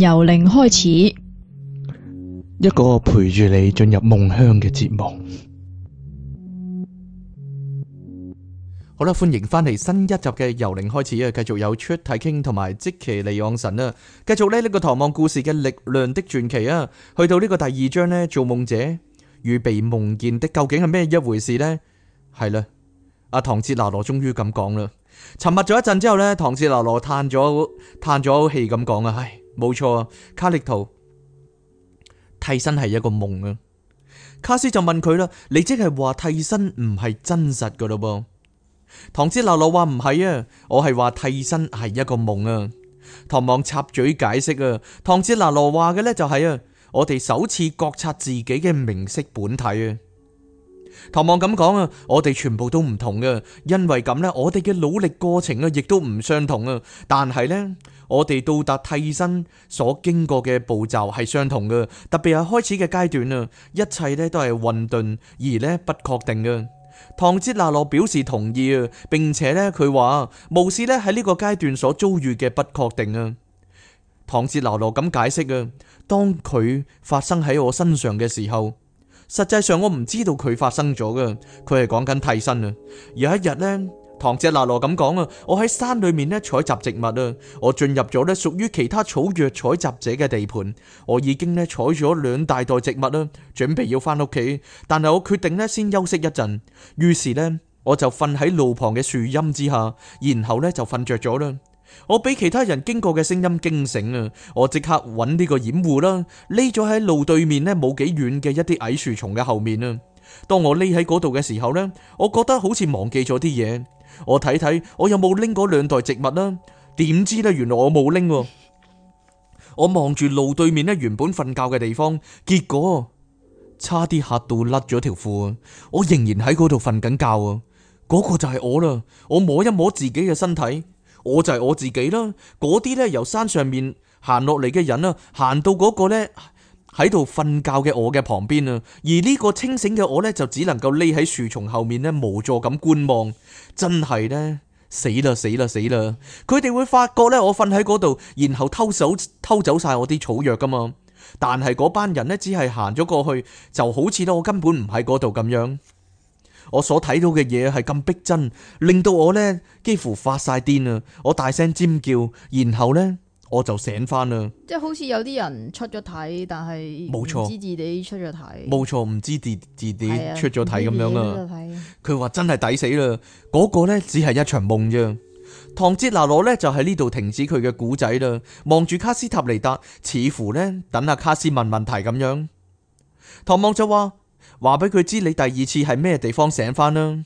由零開始，一個陪住你進入夢鄉嘅節目。好啦，歡迎翻嚟新一集嘅由零開始啊！繼續有出體傾同埋積奇利昂神啦。繼續咧呢、呢個《唐望故事》嘅力量的傳奇啊，去到呢個第二章呢，做夢者與被夢見的究竟係咩一回事呢？係啦，阿、啊、唐哲拿羅終於咁講啦。沉默咗一陣之後呢，唐哲拿羅嘆咗嘆咗口氣咁講啊，唉。冇錯啊，卡力圖替身係一個夢啊。卡斯就問佢啦：你即係話替身唔係真實噶咯？噃，唐哲拿羅話唔係啊，我係話替身係一個夢啊。唐望插嘴解釋啊，唐哲拿羅話嘅呢就係啊，我哋首次覺察自己嘅明晰本體啊。唐望咁講啊，我哋全部都唔同嘅，因為咁呢，我哋嘅努力過程啊，亦都唔相同啊。但係呢。我哋到達替身所經過嘅步驟係相同嘅，特別係開始嘅階段啊，一切呢都係混沌而呢不確定嘅。唐哲拿洛表示同意啊，並且呢佢話無視呢喺呢個階段所遭遇嘅不確定啊。唐哲拿洛咁解釋啊，當佢發生喺我身上嘅時候，實際上我唔知道佢發生咗噶，佢係講緊替身啊。有一日呢。唐吉娜羅咁講啊，我喺山裏面咧採集植物啊，我進入咗咧屬於其他草藥採集者嘅地盤，我已經咧採咗兩大袋植物啦，準備要翻屋企，但係我決定呢先休息一陣，於是呢我就瞓喺路旁嘅樹蔭之下，然後咧就瞓着咗啦。我俾其他人經過嘅聲音驚醒啊，我即刻揾呢個掩護啦，匿咗喺路對面呢冇幾遠嘅一啲矮樹叢嘅後面啊。當我匿喺嗰度嘅時候呢，我覺得好似忘記咗啲嘢。我睇睇我有冇拎嗰兩袋植物呢？點知呢？原來我冇拎。我望住路對面呢原本瞓覺嘅地方，結果差啲吓到甩咗條褲。我仍然喺嗰度瞓緊覺啊！嗰個就係我啦。我摸一摸自己嘅身體，我就係我自己啦。嗰啲呢由山上面行落嚟嘅人啊，行到嗰個呢。喺度瞓覺嘅我嘅旁邊啊，而呢個清醒嘅我呢，就只能夠匿喺樹叢後面呢，無助咁觀望，真係呢，死啦死啦死啦！佢哋會發覺呢，我瞓喺嗰度，然後偷走偷走晒我啲草藥噶嘛。但係嗰班人呢，只係行咗過去，就好似我根本唔喺嗰度咁樣。我所睇到嘅嘢係咁逼真，令到我呢幾乎發晒癲啊！我大聲尖叫，然後呢……我就醒翻啦，即係好似有啲人出咗體，但係唔知自己出咗體，冇錯，唔知自自己出咗體咁樣啊。佢話樣真係抵死啦，嗰、嗰個呢只係一場夢啫。唐哲拿攞呢就喺呢度停止佢嘅古仔啦，望住卡斯塔尼達，似乎呢等阿卡斯問問題咁樣。唐望就話：話俾佢知你第二次係咩地方醒翻啦。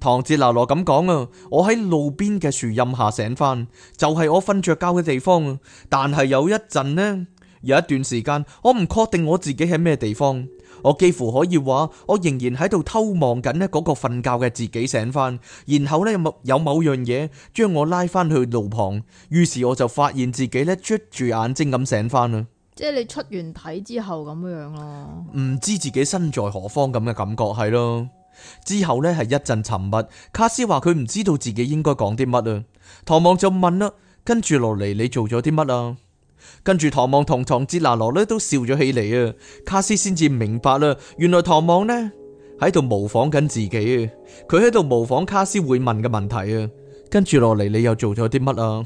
唐哲拿羅咁講啊，我喺路邊嘅樹蔭下醒翻，就係、是、我瞓着覺嘅地方。但係有一陣呢，有一段時間，我唔確定我自己喺咩地方。我幾乎可以話，我仍然喺度偷望緊呢嗰個瞓覺嘅自己醒翻。然後呢，有某樣嘢將我拉翻去路旁，於是我就發現自己咧捽住眼睛咁醒翻啊。即係你出完體之後咁樣咯，啊，唔知自己身在何方咁嘅感覺係咯。之後呢，係一陣沉默，卡斯話佢唔知道自己應該講啲乜啊。唐望就問啦，跟住落嚟，你做咗啲乜啊？跟住唐望同唐哲拿羅咧都笑咗起嚟啊，卡斯先至明白啦，原來唐望呢喺度模仿緊自己啊，佢喺度模仿卡斯會問嘅問題啊。跟住落嚟，你又做咗啲乜啊？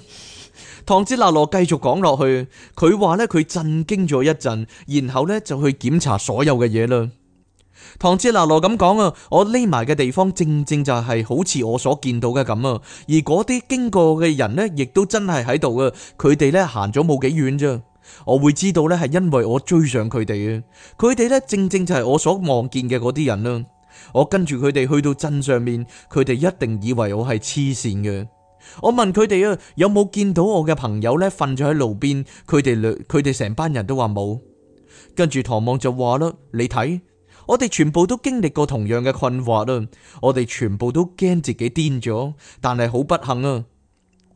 唐哲拿羅繼續講落去，佢話呢，佢震驚咗一陣，然後呢，就去檢查所有嘅嘢啦。唐哲拿羅咁講啊，我匿埋嘅地方正正就係好似我所見到嘅咁啊，而嗰啲經過嘅人呢，亦都真係喺度啊，佢哋呢行咗冇幾遠咋，我會知道呢係因為我追上佢哋啊，佢哋呢正正就係我所望見嘅嗰啲人啦，我跟住佢哋去到鎮上面，佢哋一定以為我係黐線嘅，我問佢哋啊有冇見到我嘅朋友呢瞓咗喺路邊，佢哋兩佢哋成班人都話冇，跟住唐望就話啦，你睇。我哋全部都經歷過同樣嘅困惑啦，我哋全部都驚自己癲咗，但係好不幸啊！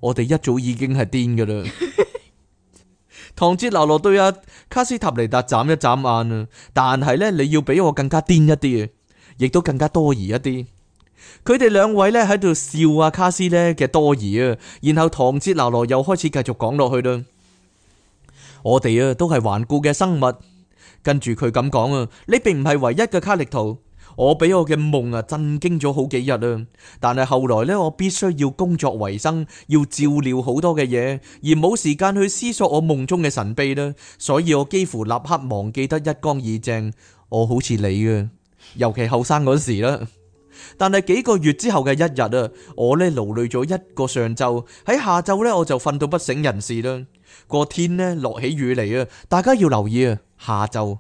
我哋一早已經係癲噶啦。 唐哲拿羅對阿卡斯塔尼達眨一眨眼啊，但係呢，你要比我更加癲一啲啊，亦都更加多疑一啲。佢哋兩位呢喺度笑阿卡斯呢嘅多疑啊，然後唐哲拿羅又開始繼續講落去啦。我哋啊都係頑固嘅生物。跟住佢咁講啊，呢並唔係唯一嘅卡力圖，我俾我嘅夢啊震驚咗好幾日啊，但係後來咧，我必須要工作為生，要照料好多嘅嘢，而冇時間去思索我夢中嘅神秘啦，所以我幾乎立刻忘記得一乾二淨。我好似你啊，尤其後生嗰時啦。但係幾個月之後嘅一日啊，我咧勞累咗一個上晝，喺下晝咧我就瞓到不省人事啦。個天咧落起雨嚟啊，大家要留意啊！下晝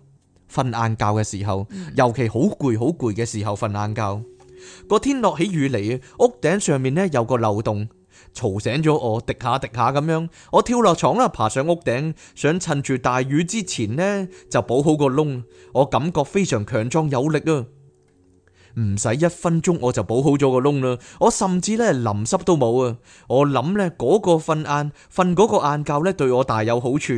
瞓晏覺嘅時候，尤其好攰好攰嘅時候瞓晏覺。個天落起雨嚟，屋頂上面呢有個漏洞，嘈醒咗我，滴下滴下咁樣。我跳落床啦，爬上屋頂，想趁住大雨之前呢就補好個窿。我感覺非常強壯有力啊，唔使一分鐘我就補好咗個窿啦。我甚至咧淋濕都冇啊。我諗咧嗰個瞓晏瞓嗰個晏覺咧對我大有好處。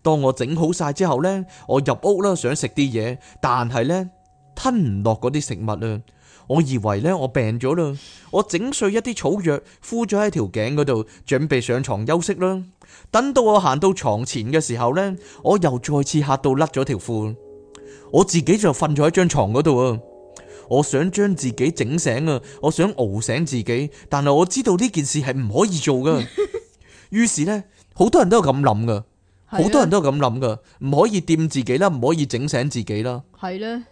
當我整好晒之後呢，我入屋啦，想食啲嘢，但係呢吞唔落嗰啲食物啊。我以為呢，我病咗啦，我整碎一啲草藥敷咗喺條頸嗰度，準備上床休息啦。等到我行到床前嘅時候呢，我又再次嚇到甩咗條褲。我自己就瞓咗喺張床嗰度啊。我想將自己整醒啊，我想熬醒自己，但係我知道呢件事係唔可以做噶。於 是呢，好多人都係咁諗噶。好多人都係咁諗噶，唔可以掂自己啦，唔可以整醒自己啦。係咧，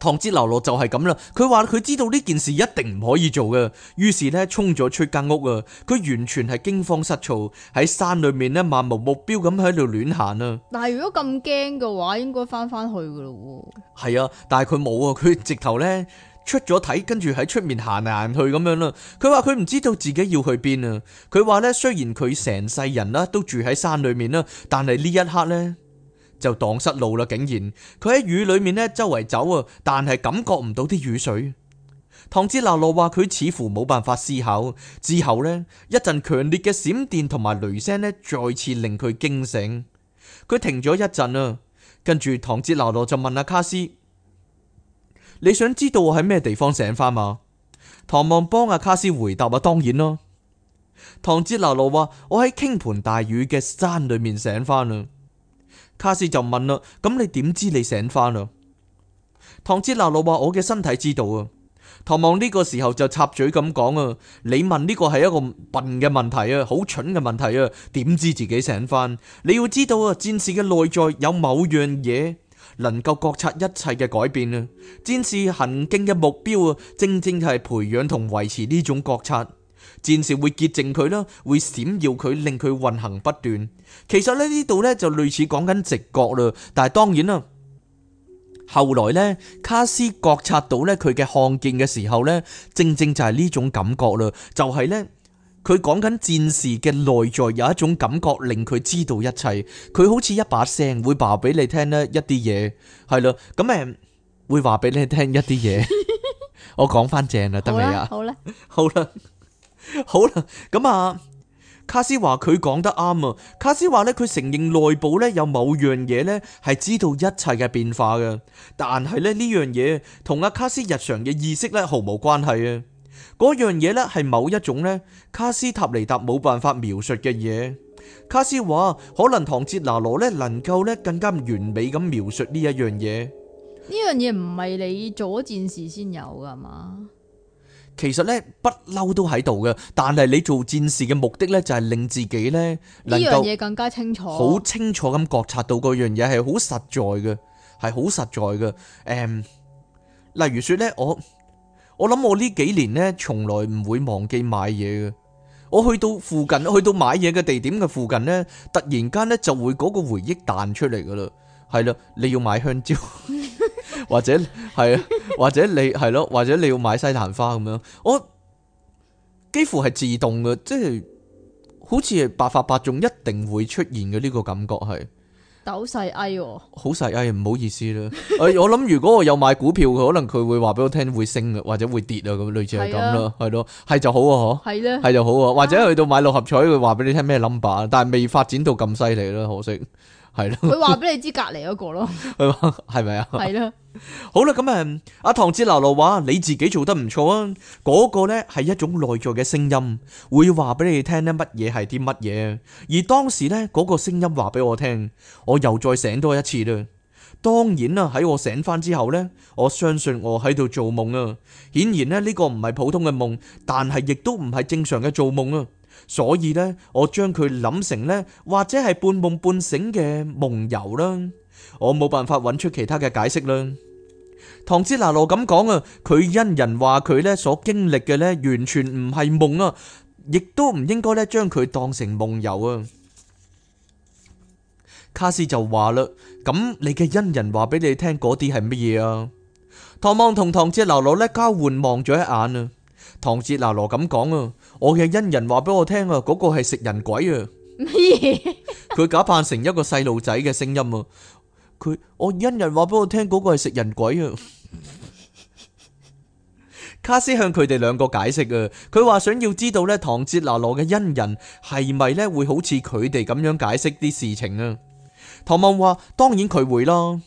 唐哲流落就係咁啦。佢話佢知道呢件事一定唔可以做嘅，於是咧衝咗出間屋啊！佢完全係驚慌失措，喺山裏面咧，漫無目標咁喺度亂行啊！但係如果咁驚嘅話，應該翻翻去噶咯喎。係啊，但係佢冇啊，佢直頭咧。出咗睇，跟住喺出面行嚟行去咁樣啦。佢話佢唔知道自己要去邊啊。佢話呢，雖然佢成世人啦都住喺山裏面啦，但係呢一刻呢，就蕩失路啦。竟然佢喺雨裏面呢周圍走啊，但係感覺唔到啲雨水。唐哲拿洛話佢似乎冇辦法思考。之後呢，一陣強烈嘅閃電同埋雷聲呢，再次令佢驚醒。佢停咗一陣啊，跟住唐哲拿洛就問阿卡斯。你想知道我喺咩地方醒翻？嘛？唐望幫阿卡斯回答啊，當然咯。唐哲拿羅話我喺傾盆大雨嘅山裏面醒翻啦。卡斯就問啦，咁你點知你醒翻？啦？唐哲拿羅話我嘅身體知道啊。唐望呢個時候就插嘴咁講啊，你問呢個係一個笨嘅問題啊，好蠢嘅問題啊，點知自己醒翻？你要知道啊，戰士嘅內在有某樣嘢。能夠覺察一切嘅改變啊！戰士行徑嘅目標啊，正正係培養同維持呢種覺察。戰士會潔淨佢啦，會閃耀佢，令佢運行不斷。其實咧呢度呢，就類似講緊直覺啦，但係當然啦，後來呢，卡斯覺察到呢，佢嘅看見嘅時候呢，正正就係呢種感覺啦，就係呢。佢講緊戰士嘅內在有一種感覺，令佢知道一切。佢好似一把聲會話俾你聽咧一啲嘢，係啦，咁咪會話俾你聽一啲嘢。 我講翻正啦，得未啊？好啦， 好啦，好啦。咁啊，卡斯話佢講得啱啊。卡斯話咧，佢承認內部咧有某樣嘢咧係知道一切嘅變化嘅，但係咧呢樣嘢同阿卡斯日常嘅意識咧毫無關係啊。嗰樣嘢呢，係某一種呢卡斯塔尼達冇辦法描述嘅嘢。卡斯話可能唐哲拿羅呢，能夠呢更加完美咁描述呢一樣嘢。呢樣嘢唔係你做戰士先有噶嘛，其實呢，不嬲都喺度嘅，但係你做戰士嘅目的呢，就係令自己呢，呢樣嘢更加清楚，好清楚咁覺察到嗰樣嘢係好實在嘅，係好實在嘅。誒，um，例如說呢，我。我諗我呢幾年呢，從來唔會忘記買嘢嘅。我去到附近，去到買嘢嘅地點嘅附近呢，突然間呢就會嗰個回憶彈出嚟噶啦，係啦，你要買香蕉， 或者係啊，或者你係咯，或者你要買西蘭花咁樣，我幾乎係自動嘅，即係好似係百發百中，一定會出現嘅呢個感覺係。都細哎，好細哎，唔好意思啦。誒、哎，我諗如果我有買股票，佢可能佢會話俾我聽會升啊，或者會跌啊，咁類似係咁咯，係咯， 係就好啊，嗬。係咧，係就好啊，或者去到買六合彩，佢話俾你聽咩 number，但係未發展到咁犀利咯，可惜係咯。佢話俾你知隔籬嗰個咯，係 咪啊？係咯。好啦，咁啊，阿唐哲納羅話你自己做得唔錯啊，嗰個呢係一種內在嘅聲音，會話俾你聽呢乜嘢係啲乜嘢，而當時呢，嗰個聲音話俾我聽，我又再醒多一次啦。當然啦，喺我醒翻之後呢，我相信我喺度做夢啊，顯然呢，呢個唔係普通嘅夢，但係亦都唔係正常嘅做夢啊，所以呢，我將佢諗成呢，或者係半夢半醒嘅夢遊啦，我冇辦法揾出其他嘅解釋啦。唐哲拿羅咁講啊，佢恩人話佢呢所經歷嘅呢完全唔係夢啊，亦都唔應該呢將佢當成夢遊啊。卡斯就話啦，咁你嘅恩人話俾你聽嗰啲係乜嘢啊？唐望同唐哲拿羅呢交換望咗一眼啊。唐哲拿羅咁講啊，我嘅恩人話俾我聽啊，嗰個係食人鬼啊，佢假扮成一個細路仔嘅聲音啊。佢我恩人話俾我聽，嗰個係食人鬼啊！卡斯向佢哋兩個解釋啊，佢話想要知道咧唐哲拿羅嘅恩人係咪咧會好似佢哋咁樣解釋啲事情啊？唐望話當然佢會啦。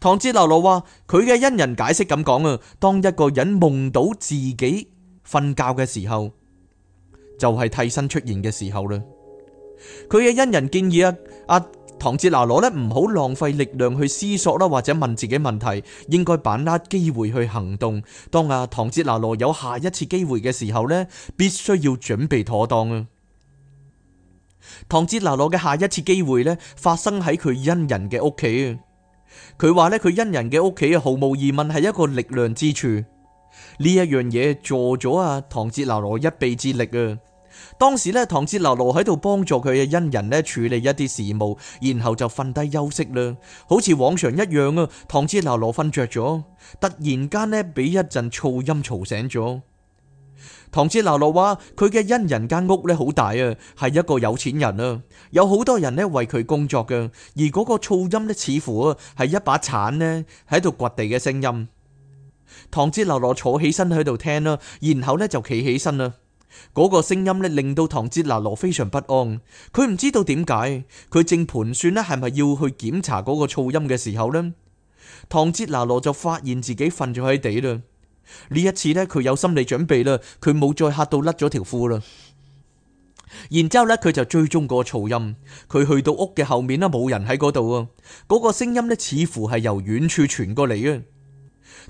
唐哲拿羅話佢嘅恩人解釋咁講啊，當一個人夢到自己瞓覺嘅時候，就係替身出現嘅時候啦。佢嘅恩人建議啊啊！唐杰娜羅呢，唔好浪費力量去思索啦，或者問自己問題，應該把握機會去行動。當啊唐杰娜羅有下一次機會嘅時候呢，必須要準備妥當啊。唐杰娜羅嘅下一次機會呢，發生喺佢恩人嘅屋企啊。佢話呢，佢恩人嘅屋企啊，毫無疑問係一個力量之處。呢一樣嘢助咗啊唐杰娜羅一臂之力啊。當時呢，唐之流羅喺度幫助佢嘅恩人呢，處理一啲事務，然後就瞓低休息啦，好似往常一樣啊。唐之流羅瞓着咗，突然間呢，俾一陣噪音嘈醒咗。唐之流羅話：佢嘅恩人間屋呢，好大啊，係一個有錢人啊，有好多人呢，為佢工作㗎。而嗰個噪音呢，似乎啊係一把鏟呢，喺度掘地嘅聲音。唐之流羅坐起身喺度聽啦，然後呢，就企起身啦。嗰個聲音咧，令到唐哲拿羅非常不安。佢唔知道點解，佢正盤算咧係咪要去檢查嗰個噪音嘅時候呢，唐哲拿羅就發現自己瞓咗喺地啦。呢一次呢，佢有心理準備啦，佢冇再嚇到甩咗條褲啦。然之後咧，佢就追蹤個噪音，佢去到屋嘅後面啦，冇人喺嗰度啊。嗰、那個聲音呢，似乎係由遠處傳過嚟啊。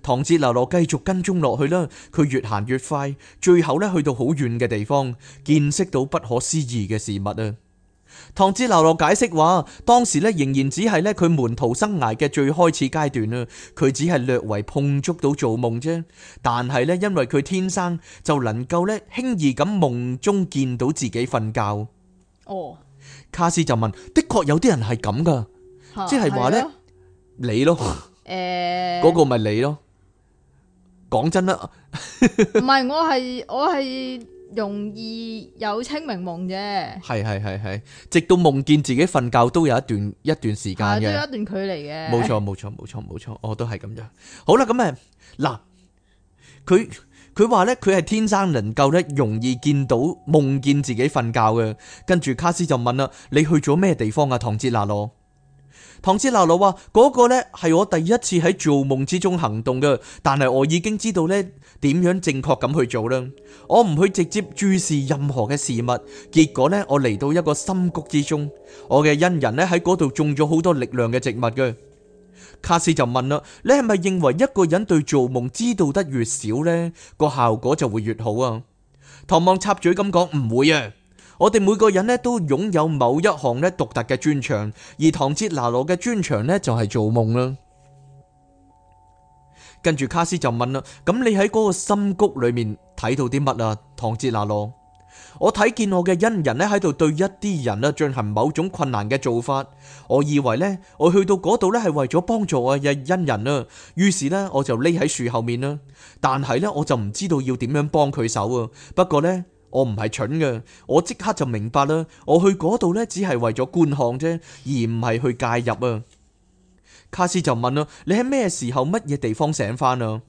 唐哲流落繼續跟蹤落去啦。佢越行越快，最後咧去到好遠嘅地方，見識到不可思議嘅事物啊！唐哲流落解釋話，當時咧仍然只係咧佢門徒生涯嘅最開始階段啊。佢只係略為碰觸到做夢啫，但係咧因為佢天生就能夠咧輕易咁夢中見到自己瞓覺。哦，卡斯就問：的確有啲人係咁㗎，即係話咧你咯，誒，嗰個咪你咯。講真啦，唔係我係我係容易有清明夢啫，係係係係，直到夢見自己瞓覺都有一段一段時間嘅，都有一段距離嘅，冇錯冇錯冇錯冇錯，我都係咁樣。好啦，咁誒嗱，佢佢話咧佢係天生能夠咧容易見到夢見自己瞓覺嘅，跟住卡斯就問啦，你去咗咩地方啊，唐杰娜羅？唐子娜佬話：嗰、那個呢係我第一次喺做夢之中行動嘅，但係我已經知道呢點樣正確咁去做啦。我唔去直接注視任何嘅事物，結果呢我嚟到一個深谷之中，我嘅恩人呢喺嗰度種咗好多力量嘅植物嘅。卡斯就問啦：你係咪認為一個人對做夢知道得越少呢，個效果就會越好啊？唐望插嘴咁講：唔會啊。我哋每個人咧都擁有某一項咧獨特嘅專長，而唐哲拿羅嘅專長咧就係做夢啦。跟住卡斯就問啦：咁你喺嗰個深谷裏面睇到啲乜啊？唐哲拿羅，我睇見我嘅恩人咧喺度對一啲人啊進行某種困難嘅做法。我以為咧我去到嗰度咧係為咗幫助我嘅恩人啊，於是呢，我就匿喺樹後面啦。但係呢，我就唔知道要點樣幫佢手啊。不過呢……」我唔係蠢嘅，我即刻就明白啦。我去嗰度咧，只係為咗觀看啫，而唔係去介入啊。卡斯就問啦：你喺咩時候、乜嘢地方醒返啊？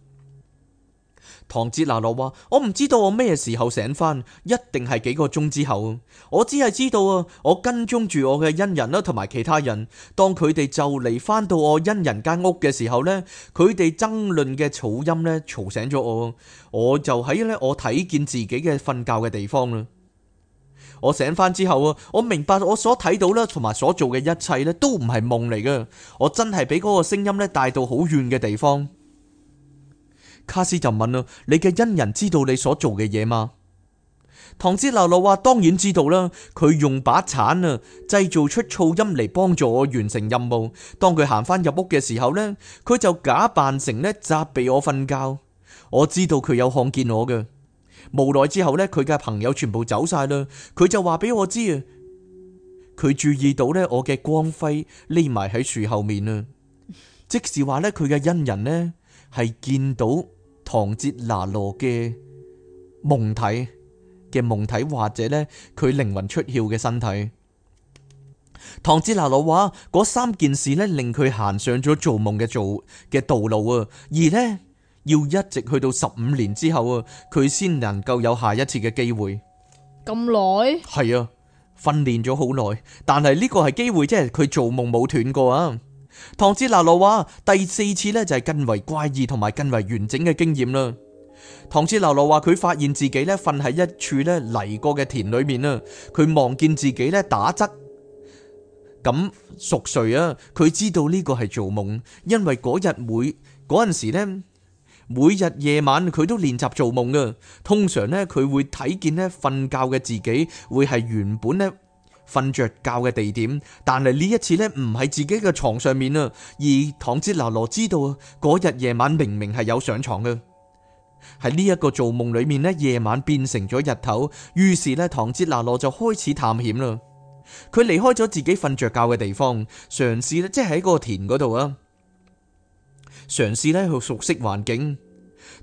唐哲娜洛話：我唔知道我咩時候醒翻，一定係幾個鐘之後。我只係知道啊，我跟蹤住我嘅恩人啦，同埋其他人。當佢哋就嚟翻到我恩人間屋嘅時候呢，佢哋爭論嘅吵音咧吵醒咗我，我就喺咧我睇見自己嘅瞓覺嘅地方啦。我醒翻之後啊，我明白我所睇到啦，同埋所做嘅一切咧，都唔係夢嚟噶。我真係俾嗰個聲音咧帶到好遠嘅地方。卡斯就問啦：你嘅恩人知道你所做嘅嘢嗎？唐之流露話：當然知道啦。佢用把鏟啊，製造出噪音嚟幫助我完成任務。當佢行翻入屋嘅時候呢，佢就假扮成咧責備我瞓覺。我知道佢有看見我嘅。無奈之後呢，佢嘅朋友全部走晒啦。佢就話俾我知啊，佢注意到咧我嘅光輝匿埋喺樹後面啊。即是話咧，佢嘅恩人呢係見到。唐哲拿羅嘅夢體嘅夢體，或者呢，佢靈魂出竅嘅身體。唐哲拿羅話嗰三件事呢，令佢行上咗做夢嘅做嘅道路啊，而呢，要一直去到十五年之後啊，佢先能夠有下一次嘅機會。咁耐？係啊，訓練咗好耐，但係呢個係機會，即係佢做夢冇斷過啊。唐哲拿羅話：第四次呢，就係更為怪異同埋更為完整嘅經驗啦。唐哲拿羅話佢發現自己呢，瞓喺一處呢犁過嘅田裏面啊，佢望見自己呢打側咁熟睡啊，佢知道呢個係做夢，因為嗰日每嗰陣時呢，每日夜晚佢都練習做夢噶，通常呢，佢會睇見呢瞓覺嘅自己會係原本呢。瞓着覺嘅地點，但係呢一次呢唔喺自己嘅床上面啊，而唐哲娜羅知道啊，嗰日夜晚明明係有上床嘅，喺呢一個做夢裏面呢，夜晚變成咗日頭，於是呢，唐哲娜羅就開始探險啦，佢離開咗自己瞓着覺嘅地方，嘗試咧即係喺個田嗰度啊，嘗試呢去熟悉環境。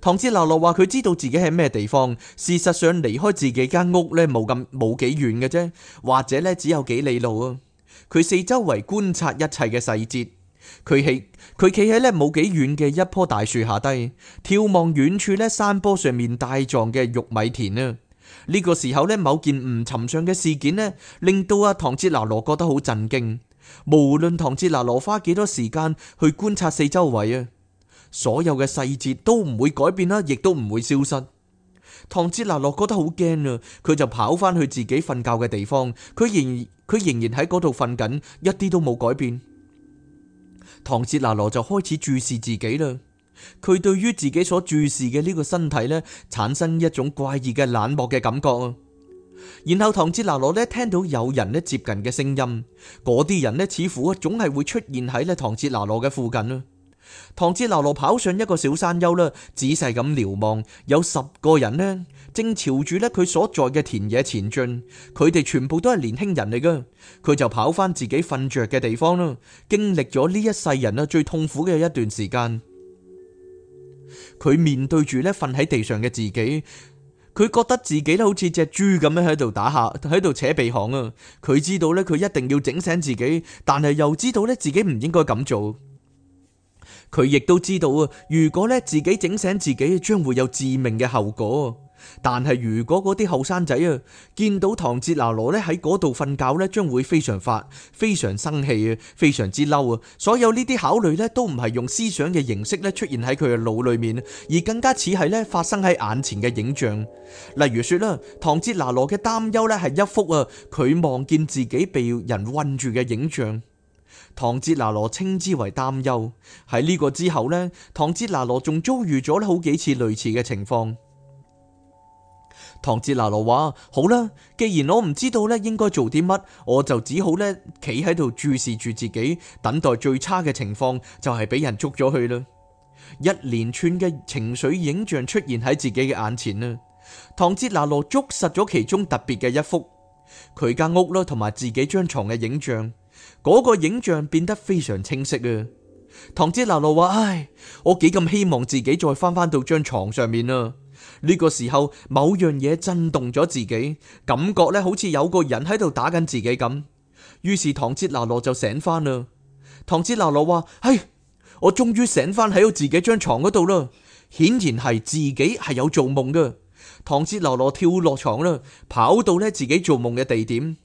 唐哲拿羅話佢知道自己喺咩地方，事實上離開自己間屋呢，冇咁冇幾遠嘅啫，或者呢，只有幾里路啊。佢四周圍觀察一切嘅細節，佢喺佢企喺呢冇幾遠嘅一棵大樹下低，眺望遠處呢山坡上面大狀嘅玉米田啊。呢個時候呢，某件唔尋常嘅事件呢，令到阿唐哲拿羅覺得好震驚。無論唐哲拿羅花幾多時間去觀察四周圍啊。所有嘅細節都唔會改變啦，亦都唔會消失。唐哲拿羅覺得好驚啊，佢就跑翻去自己瞓覺嘅地方。佢仍佢仍然喺嗰度瞓緊，一啲都冇改變。唐哲拿羅就開始注視自己啦。佢對於自己所注視嘅呢個身體呢，產生一種怪異嘅冷漠嘅感覺啊。然後唐哲拿羅呢，聽到有人咧接近嘅聲音，嗰啲人呢，似乎總係會出現喺咧唐哲拿羅嘅附近啊。唐哲流羅跑上一個小山丘啦，仔細咁瞭望，有十個人呢，正朝住咧佢所在嘅田野前進。佢哋全部都係年輕人嚟㗎。佢就跑翻自己瞓着嘅地方啦。經歷咗呢一世人啊，最痛苦嘅一段時間。佢面對住咧瞓喺地上嘅自己，佢覺得自己咧好似隻豬咁樣喺度打下，喺度扯鼻鼾啊。佢知道咧，佢一定要整醒自己，但係又知道咧，自己唔應該咁做。佢亦都知道啊，如果咧自己整醒自己，將會有致命嘅後果。但係如果嗰啲後生仔啊見到唐哲拿羅咧喺嗰度瞓覺咧，將會非常發、非常生氣啊、非常之嬲啊。所有呢啲考慮咧都唔係用思想嘅形式咧出現喺佢嘅腦裏面，而更加似係咧發生喺眼前嘅影像。例如說啦，唐哲拿羅嘅擔憂咧係一幅啊，佢望見自己被人困住嘅影像。唐哲拿羅稱之為擔憂。喺呢個之後呢，唐哲拿羅仲遭遇咗好幾次類似嘅情況。唐哲拿羅話：好啦，既然我唔知道咧應該做啲乜，我就只好咧企喺度注視住自己，等待最差嘅情況就係俾人捉咗去啦。一連串嘅情緒影像出現喺自己嘅眼前啦。唐哲拿羅捉實咗其中特別嘅一幅，佢間屋啦同埋自己張床嘅影像。嗰個影像變得非常清晰啊！唐哲拿羅話：，唉，我幾咁希望自己再翻返到張床上面啊。這」呢個時候，某樣嘢震動咗自己，感覺咧好似有個人喺度打緊自己咁。於是唐哲拿羅就醒翻啦。唐哲拿羅話：，唉，我終於醒翻喺我自己張床嗰度啦。顯然係自己係有做夢噶。唐哲拿羅跳落床啦，跑到咧自己做夢嘅地點。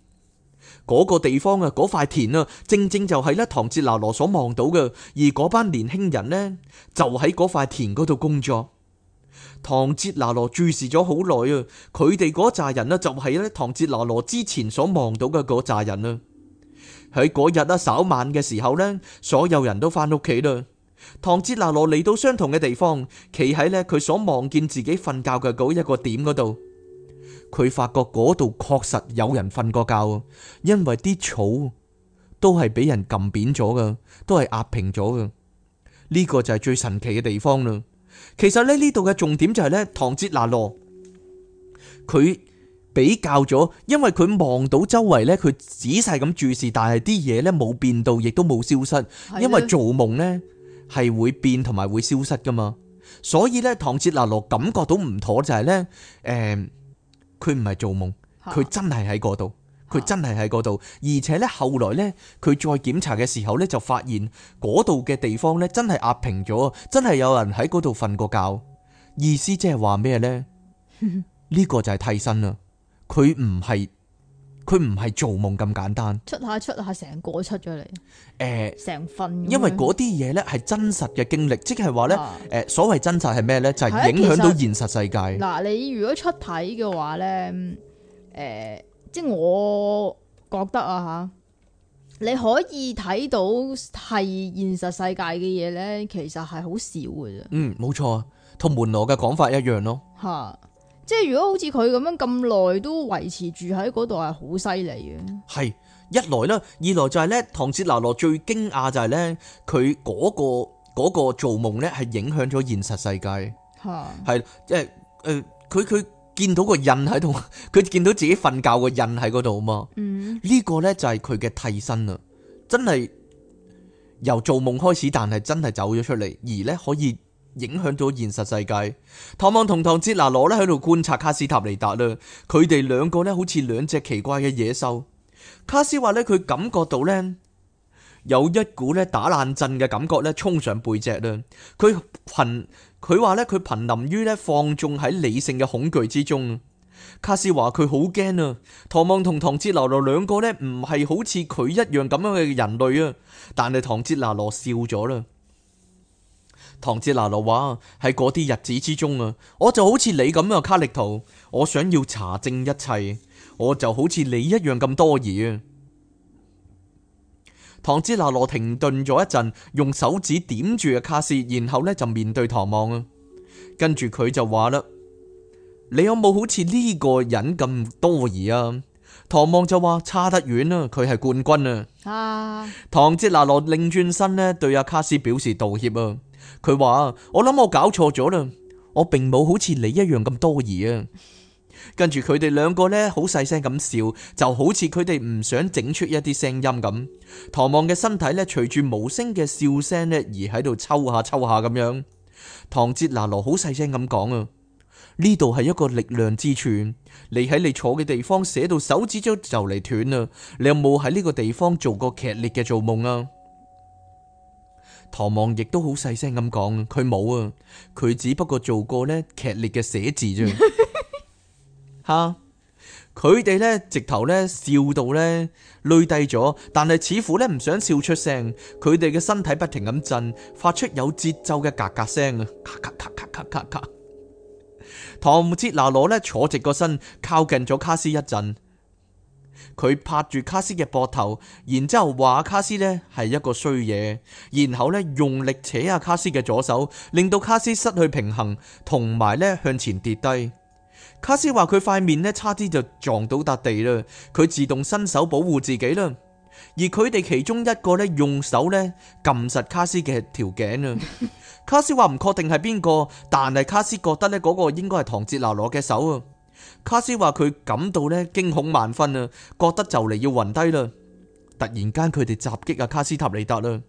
嗰個地方啊，嗰塊田啊，正正就係咧唐哲拿羅所望到嘅，而嗰班年輕人呢，就喺嗰塊田嗰度工作。唐哲拿羅注視咗好耐啊，佢哋嗰扎人呢，就係咧唐哲拿羅之前所望到嘅嗰扎人啊。喺嗰日啊稍晚嘅時候呢，所有人都翻屋企啦。唐哲拿羅嚟到相同嘅地方，企喺咧佢所望見自己瞓覺嘅嗰一個點嗰度。佢發覺嗰度確實有人瞓過覺，因為啲草都係俾人撳扁咗噶都係壓平咗噶。呢個就係最神奇嘅地方啦。其實咧呢度嘅重點就係咧，唐哲納羅佢比較咗，因為佢望到周圍咧，佢仔細咁注視，但係啲嘢咧冇變到，亦都冇消失，因為做夢咧係會變同埋會消失噶嘛。所以咧，唐哲納羅感覺到唔妥就係咧，誒。佢唔係做夢，佢真係喺嗰度，佢真係喺嗰度，而且呢，後來呢，佢再檢查嘅時候呢，就發現嗰度嘅地方呢，真係壓平咗，真係有人喺嗰度瞓過覺。意思即係話咩呢？呢 個就係替身啦，佢唔係。佢唔係做夢咁簡單，出下出下成個出咗嚟，誒，成份，因為嗰啲嘢咧係真實嘅經歷，即係話咧，誒，所謂真實係咩咧，就係影響到現實世界。嗱，你如果出體嘅話咧，誒，即係我覺得啊吓，你可以睇到係現實世界嘅嘢咧，其實係好少嘅啫。嗯，冇錯啊，同門羅嘅講法一樣咯。吓。即係如果好似佢咁樣咁耐都維持住喺嗰度，係好犀利嘅。係一來啦，二來就係、是、咧，唐哲拿羅最驚訝就係、是、咧，佢嗰、那個嗰、那個做夢咧係影響咗現實世界。係哈，即係誒，佢、呃、佢見到個印喺度，佢見到自己瞓覺個印喺嗰度啊嘛。呢、嗯、個咧就係佢嘅替身啦，真係由做夢開始，但係真係走咗出嚟，而咧可以影響到現實世界。唐望同唐哲拿羅咧喺度觀察卡斯塔尼達啦，佢哋兩個呢好似兩隻奇怪嘅野獸。卡斯話呢，佢感覺到呢有一股呢打爛震嘅感覺呢衝上背脊啦。佢瀕佢話咧佢瀕臨於呢放縱喺理性嘅恐懼之中。卡斯話佢好驚啊！唐望同唐哲拿羅兩個呢唔係好似佢一樣咁樣嘅人類啊，但係唐哲拿羅笑咗啦。唐傑娜羅話：喺嗰啲日子之中啊，我就好似你咁樣卡力圖，我想要查證一切，我就好似你一樣咁多疑啊。唐傑娜羅停頓咗一陣，用手指點住阿卡斯，然後呢就面對唐望啊。跟住佢就話啦：你有冇好似呢個人咁多疑啊？唐望就話差得遠啊，佢係冠軍啊。啊！唐傑娜羅擰轉，轉身呢，對阿卡斯表示道歉啊。佢話：我諗我搞錯咗啦，我並冇好似你一樣咁多疑啊。跟住佢哋兩個呢，好細聲咁笑，就好似佢哋唔想整出一啲聲音咁。唐望嘅身體呢，隨住無聲嘅笑聲呢，而喺度抽下抽下咁樣。唐哲拿羅好細聲咁講啊：呢度係一個力量之泉，你喺你坐嘅地方，寫到手指就嚟斷啦。你有冇喺呢個地方做過劇烈嘅做夢啊？唐望亦都好細聲咁講，佢冇啊，佢只不過做過咧劇烈嘅寫字啫。吓， 佢哋咧直頭咧笑到呢，淚低咗，但係似乎呢唔想笑出聲，佢哋嘅身體不停咁震，發出有節奏嘅格格聲啊，咔咔咔咔咔咔咔。唐哲拿羅呢坐直個身，靠近咗卡斯一陣。佢拍住卡斯嘅膊頭，然之後話卡斯咧係一個衰嘢，然後咧用力扯下卡斯嘅左手，令到卡斯失去平衡，同埋咧向前跌低。卡斯話佢塊面咧差啲就撞到笪地啦，佢自動伸手保護自己啦。而佢哋其中一個咧用手咧撳實卡斯嘅條頸啊。 卡斯話唔確定係邊個，但係卡斯覺得呢嗰個應該係唐哲拿羅嘅手啊。卡斯話佢感到咧驚恐萬分啊，覺得就嚟要暈低啦！突然間佢哋襲擊阿卡斯塔里達啦。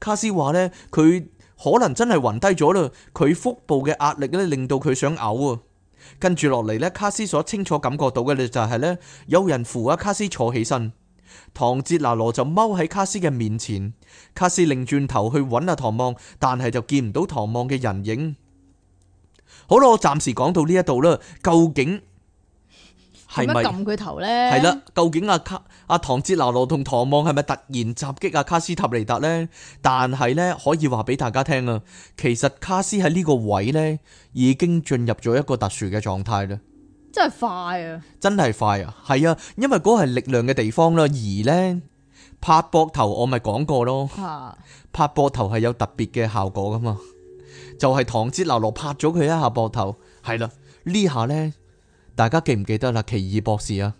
卡斯話呢，佢可能真係暈低咗啦，佢腹部嘅壓力咧令到佢想嘔啊。跟住落嚟咧，卡斯所清楚感覺到嘅咧就係呢：有人扶阿卡斯坐起身。唐哲拿羅就踎喺卡斯嘅面前，卡斯擰轉頭去揾阿唐望，但係就見唔到唐望嘅人影。好啦，我暫時講到呢一度啦。究竟係咪撳佢頭呢？係啦。究竟阿、啊、卡阿、啊、唐哲拿羅同唐望係咪突然襲擊阿卡斯塔尼達呢？但係呢，可以話俾大家聽啊，其實卡斯喺呢個位呢已經進入咗一個特殊嘅狀態啦。真係快啊！真係快啊！係啊，因為嗰係力量嘅地方啦。而呢，拍膊頭我，我咪講過咯，拍膊頭係有特別嘅效果噶嘛。就係唐熱那羅拍咗佢一下膊頭，係啦，呢下呢，大家記唔記得啦？奇異博士啊，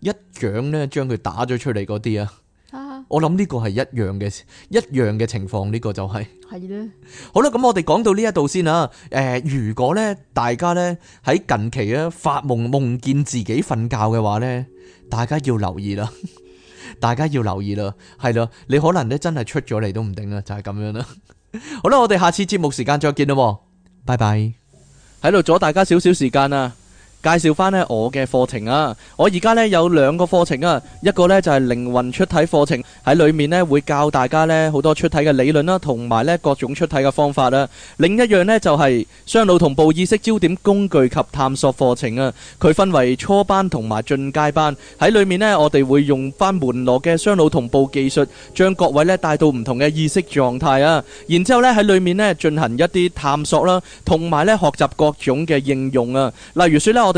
一掌呢將佢打咗出嚟嗰啲啊，我諗呢個係一樣嘅，一樣嘅情況呢、這個就係係啦。的好啦，咁我哋講到呢一度先啦。誒、呃，如果呢，大家呢，喺近期啊發夢夢見自己瞓覺嘅話呢，大家要留意啦， 大家要留意啦，係啦，你可能咧真係出咗嚟都唔定啦，就係、是、咁樣啦。 好啦，我哋下次節目時間再見啦，拜拜！喺度阻大家少少時間啊。介紹翻呢我嘅課程啊！我而家呢有兩個課程啊，一個呢就係靈魂出體課程，喺裏面呢會教大家呢好多出體嘅理論啦，同埋呢各種出體嘅方法啦。另一樣呢就係雙腦同步意識焦點工具及探索課程啊。佢分為初班同埋進階班，喺裏面呢我哋會用翻門羅嘅雙腦同步技術，將各位呢帶到唔同嘅意識狀態啊。然之後呢喺裏面呢進行一啲探索啦，同埋呢學習各種嘅應用啊。例如説呢我哋。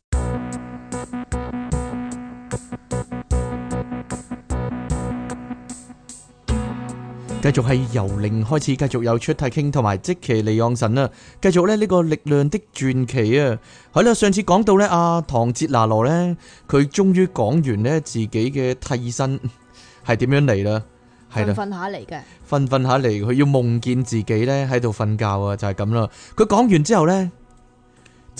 繼續係由零開始，繼續有出替傾同埋即其利昂神啦。繼續咧呢個力量的傳奇啊，係啦。上次講到咧阿唐哲拿羅咧，佢終於講完咧自己嘅替身係點樣嚟啦，係啦。瞓瞓下嚟嘅，瞓瞓下嚟，佢要夢見自己咧喺度瞓覺啊，就係咁啦。佢講完之後咧。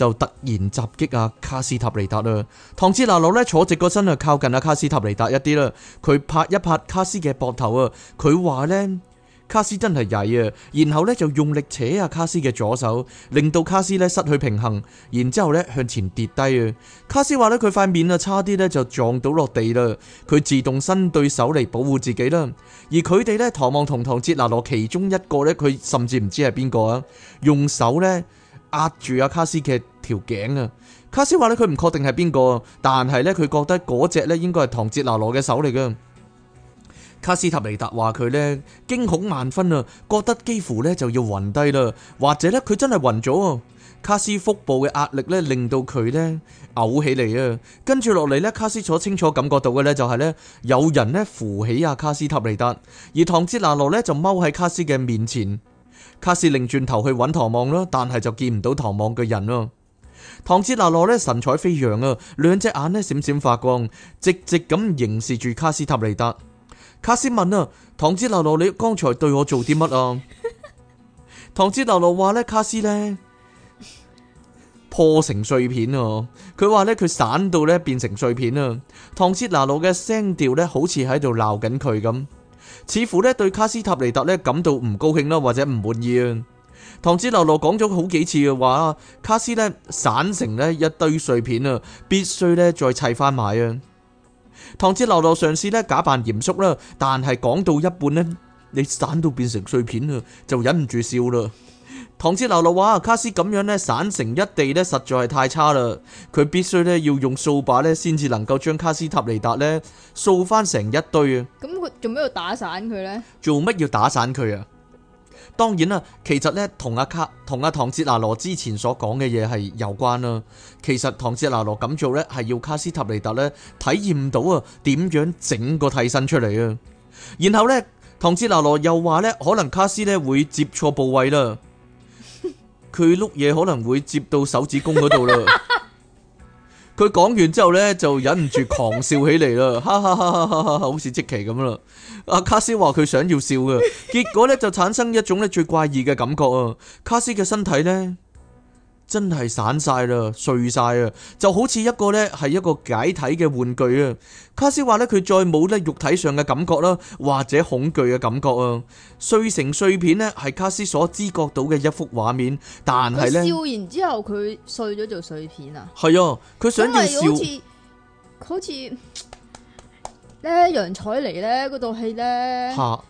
就突然襲擊阿卡斯塔尼達啦，唐哲拿羅咧坐直個身啊，靠近阿、啊、卡斯塔尼達一啲啦，佢拍一拍卡斯嘅膊頭啊，佢話呢：「卡斯真係曳啊」，然後呢，就用力扯下、啊、卡斯嘅左手，令到卡斯咧失去平衡，然之後咧向前跌低啊，卡斯話呢，佢塊面啊差啲呢，就撞到落地啦，佢自動伸對手嚟保護自己啦，而佢哋呢，唐望同唐哲拿羅其中一個呢，佢甚至唔知係邊個啊，用手呢壓住阿、啊、卡斯嘅條頸啊！卡斯話咧，佢唔確定係邊個，但係呢，佢覺得嗰隻呢應該係唐哲拿羅嘅手嚟嘅。卡斯塔尼達話佢呢，驚恐萬分啊，覺得幾乎呢就要暈低啦，或者呢，佢真係暈咗啊！卡斯腹部嘅壓力呢，令到佢呢，嘔起嚟啊，跟住落嚟呢，卡斯所清楚感覺到嘅呢，就係呢，有人呢扶起阿卡斯塔尼達，而唐哲拿羅呢，就踎喺卡斯嘅面前。卡斯擰轉頭去揾唐望啦，但係就見唔到唐望嘅人咯。唐哲娜羅咧神采飛揚啊，兩隻眼咧閃閃發光，直直咁凝視住卡斯塔尼達。卡斯問啊，唐哲娜羅，你剛才對我做啲乜啊？ 唐哲娜羅話咧，卡斯咧，破成碎片啊！佢話咧，佢散到咧變成碎片啊！唐哲娜羅嘅聲調咧，好似喺度鬧緊佢咁，似乎咧對卡斯塔尼達咧感到唔高興啦，或者唔滿意啊！唐之流落講咗好幾次嘅話，卡斯咧散成咧一堆碎片啊，必須咧再砌翻埋啊。唐之流落嘗試咧假扮嚴肅啦，但係講到一半咧，你散到變成碎片啊，就忍唔住笑啦。唐之流落話，卡斯咁樣咧散成一地咧，實在係太差啦。佢必須咧要用掃把咧，先至能夠將卡斯塔尼達咧掃翻成一堆啊。咁佢做咩要打散佢呢？做乜要打散佢啊？當然啦，其實咧同阿卡同阿、啊、唐哲拿羅之前所講嘅嘢係有關啦。其實唐哲拿羅咁做咧係要卡斯塔尼達咧體驗到啊點樣整個替身出嚟啊。然後咧唐哲拿羅又話咧可能卡斯咧會接錯部位啦，佢碌嘢可能會接到手指公嗰度啦。 佢講完之後咧，就忍唔住狂笑起嚟啦，哈哈哈哈哈哈，好似積奇咁啦。阿卡斯話佢想要笑嘅，結果咧就產生一種咧最怪異嘅感覺啊。卡斯嘅身體咧。真係散晒啦，碎晒啊，就好似一個呢，係一個解體嘅玩具啊！卡斯話呢，佢再冇呢肉體上嘅感覺啦，或者恐懼嘅感覺啊！碎成碎片呢，係卡斯所知覺到嘅一幅畫面，但係呢，笑完之後佢碎咗做碎片啊！係啊，佢想笑，好似，好似呢，楊采妮呢嗰套戲咧，攝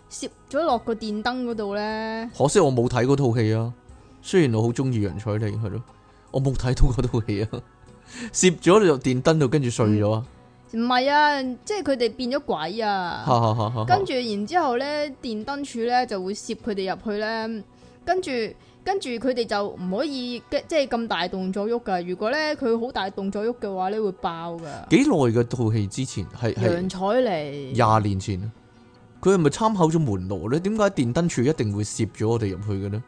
咗落個電燈嗰度呢。可惜我冇睇嗰套戲啊！雖然我好中意楊采妮係咯，我冇睇到嗰套戲啊，攝咗你入電燈度，跟住碎咗啊？唔係、嗯、啊，即係佢哋變咗鬼啊！ 跟住然之後咧，電燈柱咧就會攝佢哋入去咧，跟住跟住佢哋就唔可以即係咁大動作喐噶如果咧佢好大動作喐嘅話咧，會爆噶幾耐嘅套戲之前係楊采妮廿年前，佢係咪參考咗門羅咧？點解電燈柱一定會攝咗我哋入去嘅呢？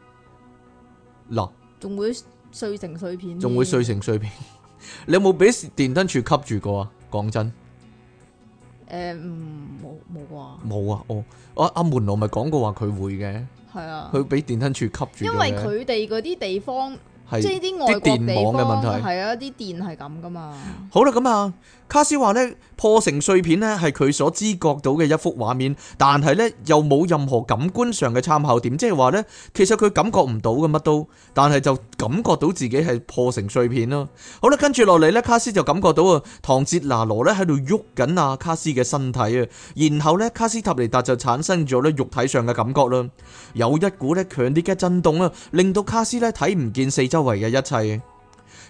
嗱，仲會，會碎成碎片，仲會碎成碎片。你有冇俾電燈柱吸住過、呃、過啊？講真，誒，唔冇冇啩？冇啊，哦，我阿門羅咪講過話佢會嘅，係啊，佢俾、啊、電燈柱吸住。因為佢哋嗰啲地方，是即係啲外國地方，電網嘅問題，係啊，啲電係咁噶嘛。 好啦，咁啊。卡斯話呢，破成碎片呢係佢所知覺到嘅一幅畫面，但係呢又冇任何感官上嘅參考點，即係話呢，其實佢感覺唔到嘅乜都，但係就感覺到自己係破成碎片咯。好啦，跟住落嚟呢，卡斯就感覺到啊，唐哲拿羅呢喺度喐緊阿卡斯嘅身體啊，然後呢，卡斯塔尼達就產生咗呢肉體上嘅感覺啦，有一股呢強烈嘅震動啊，令到卡斯呢睇唔見四周圍嘅一切。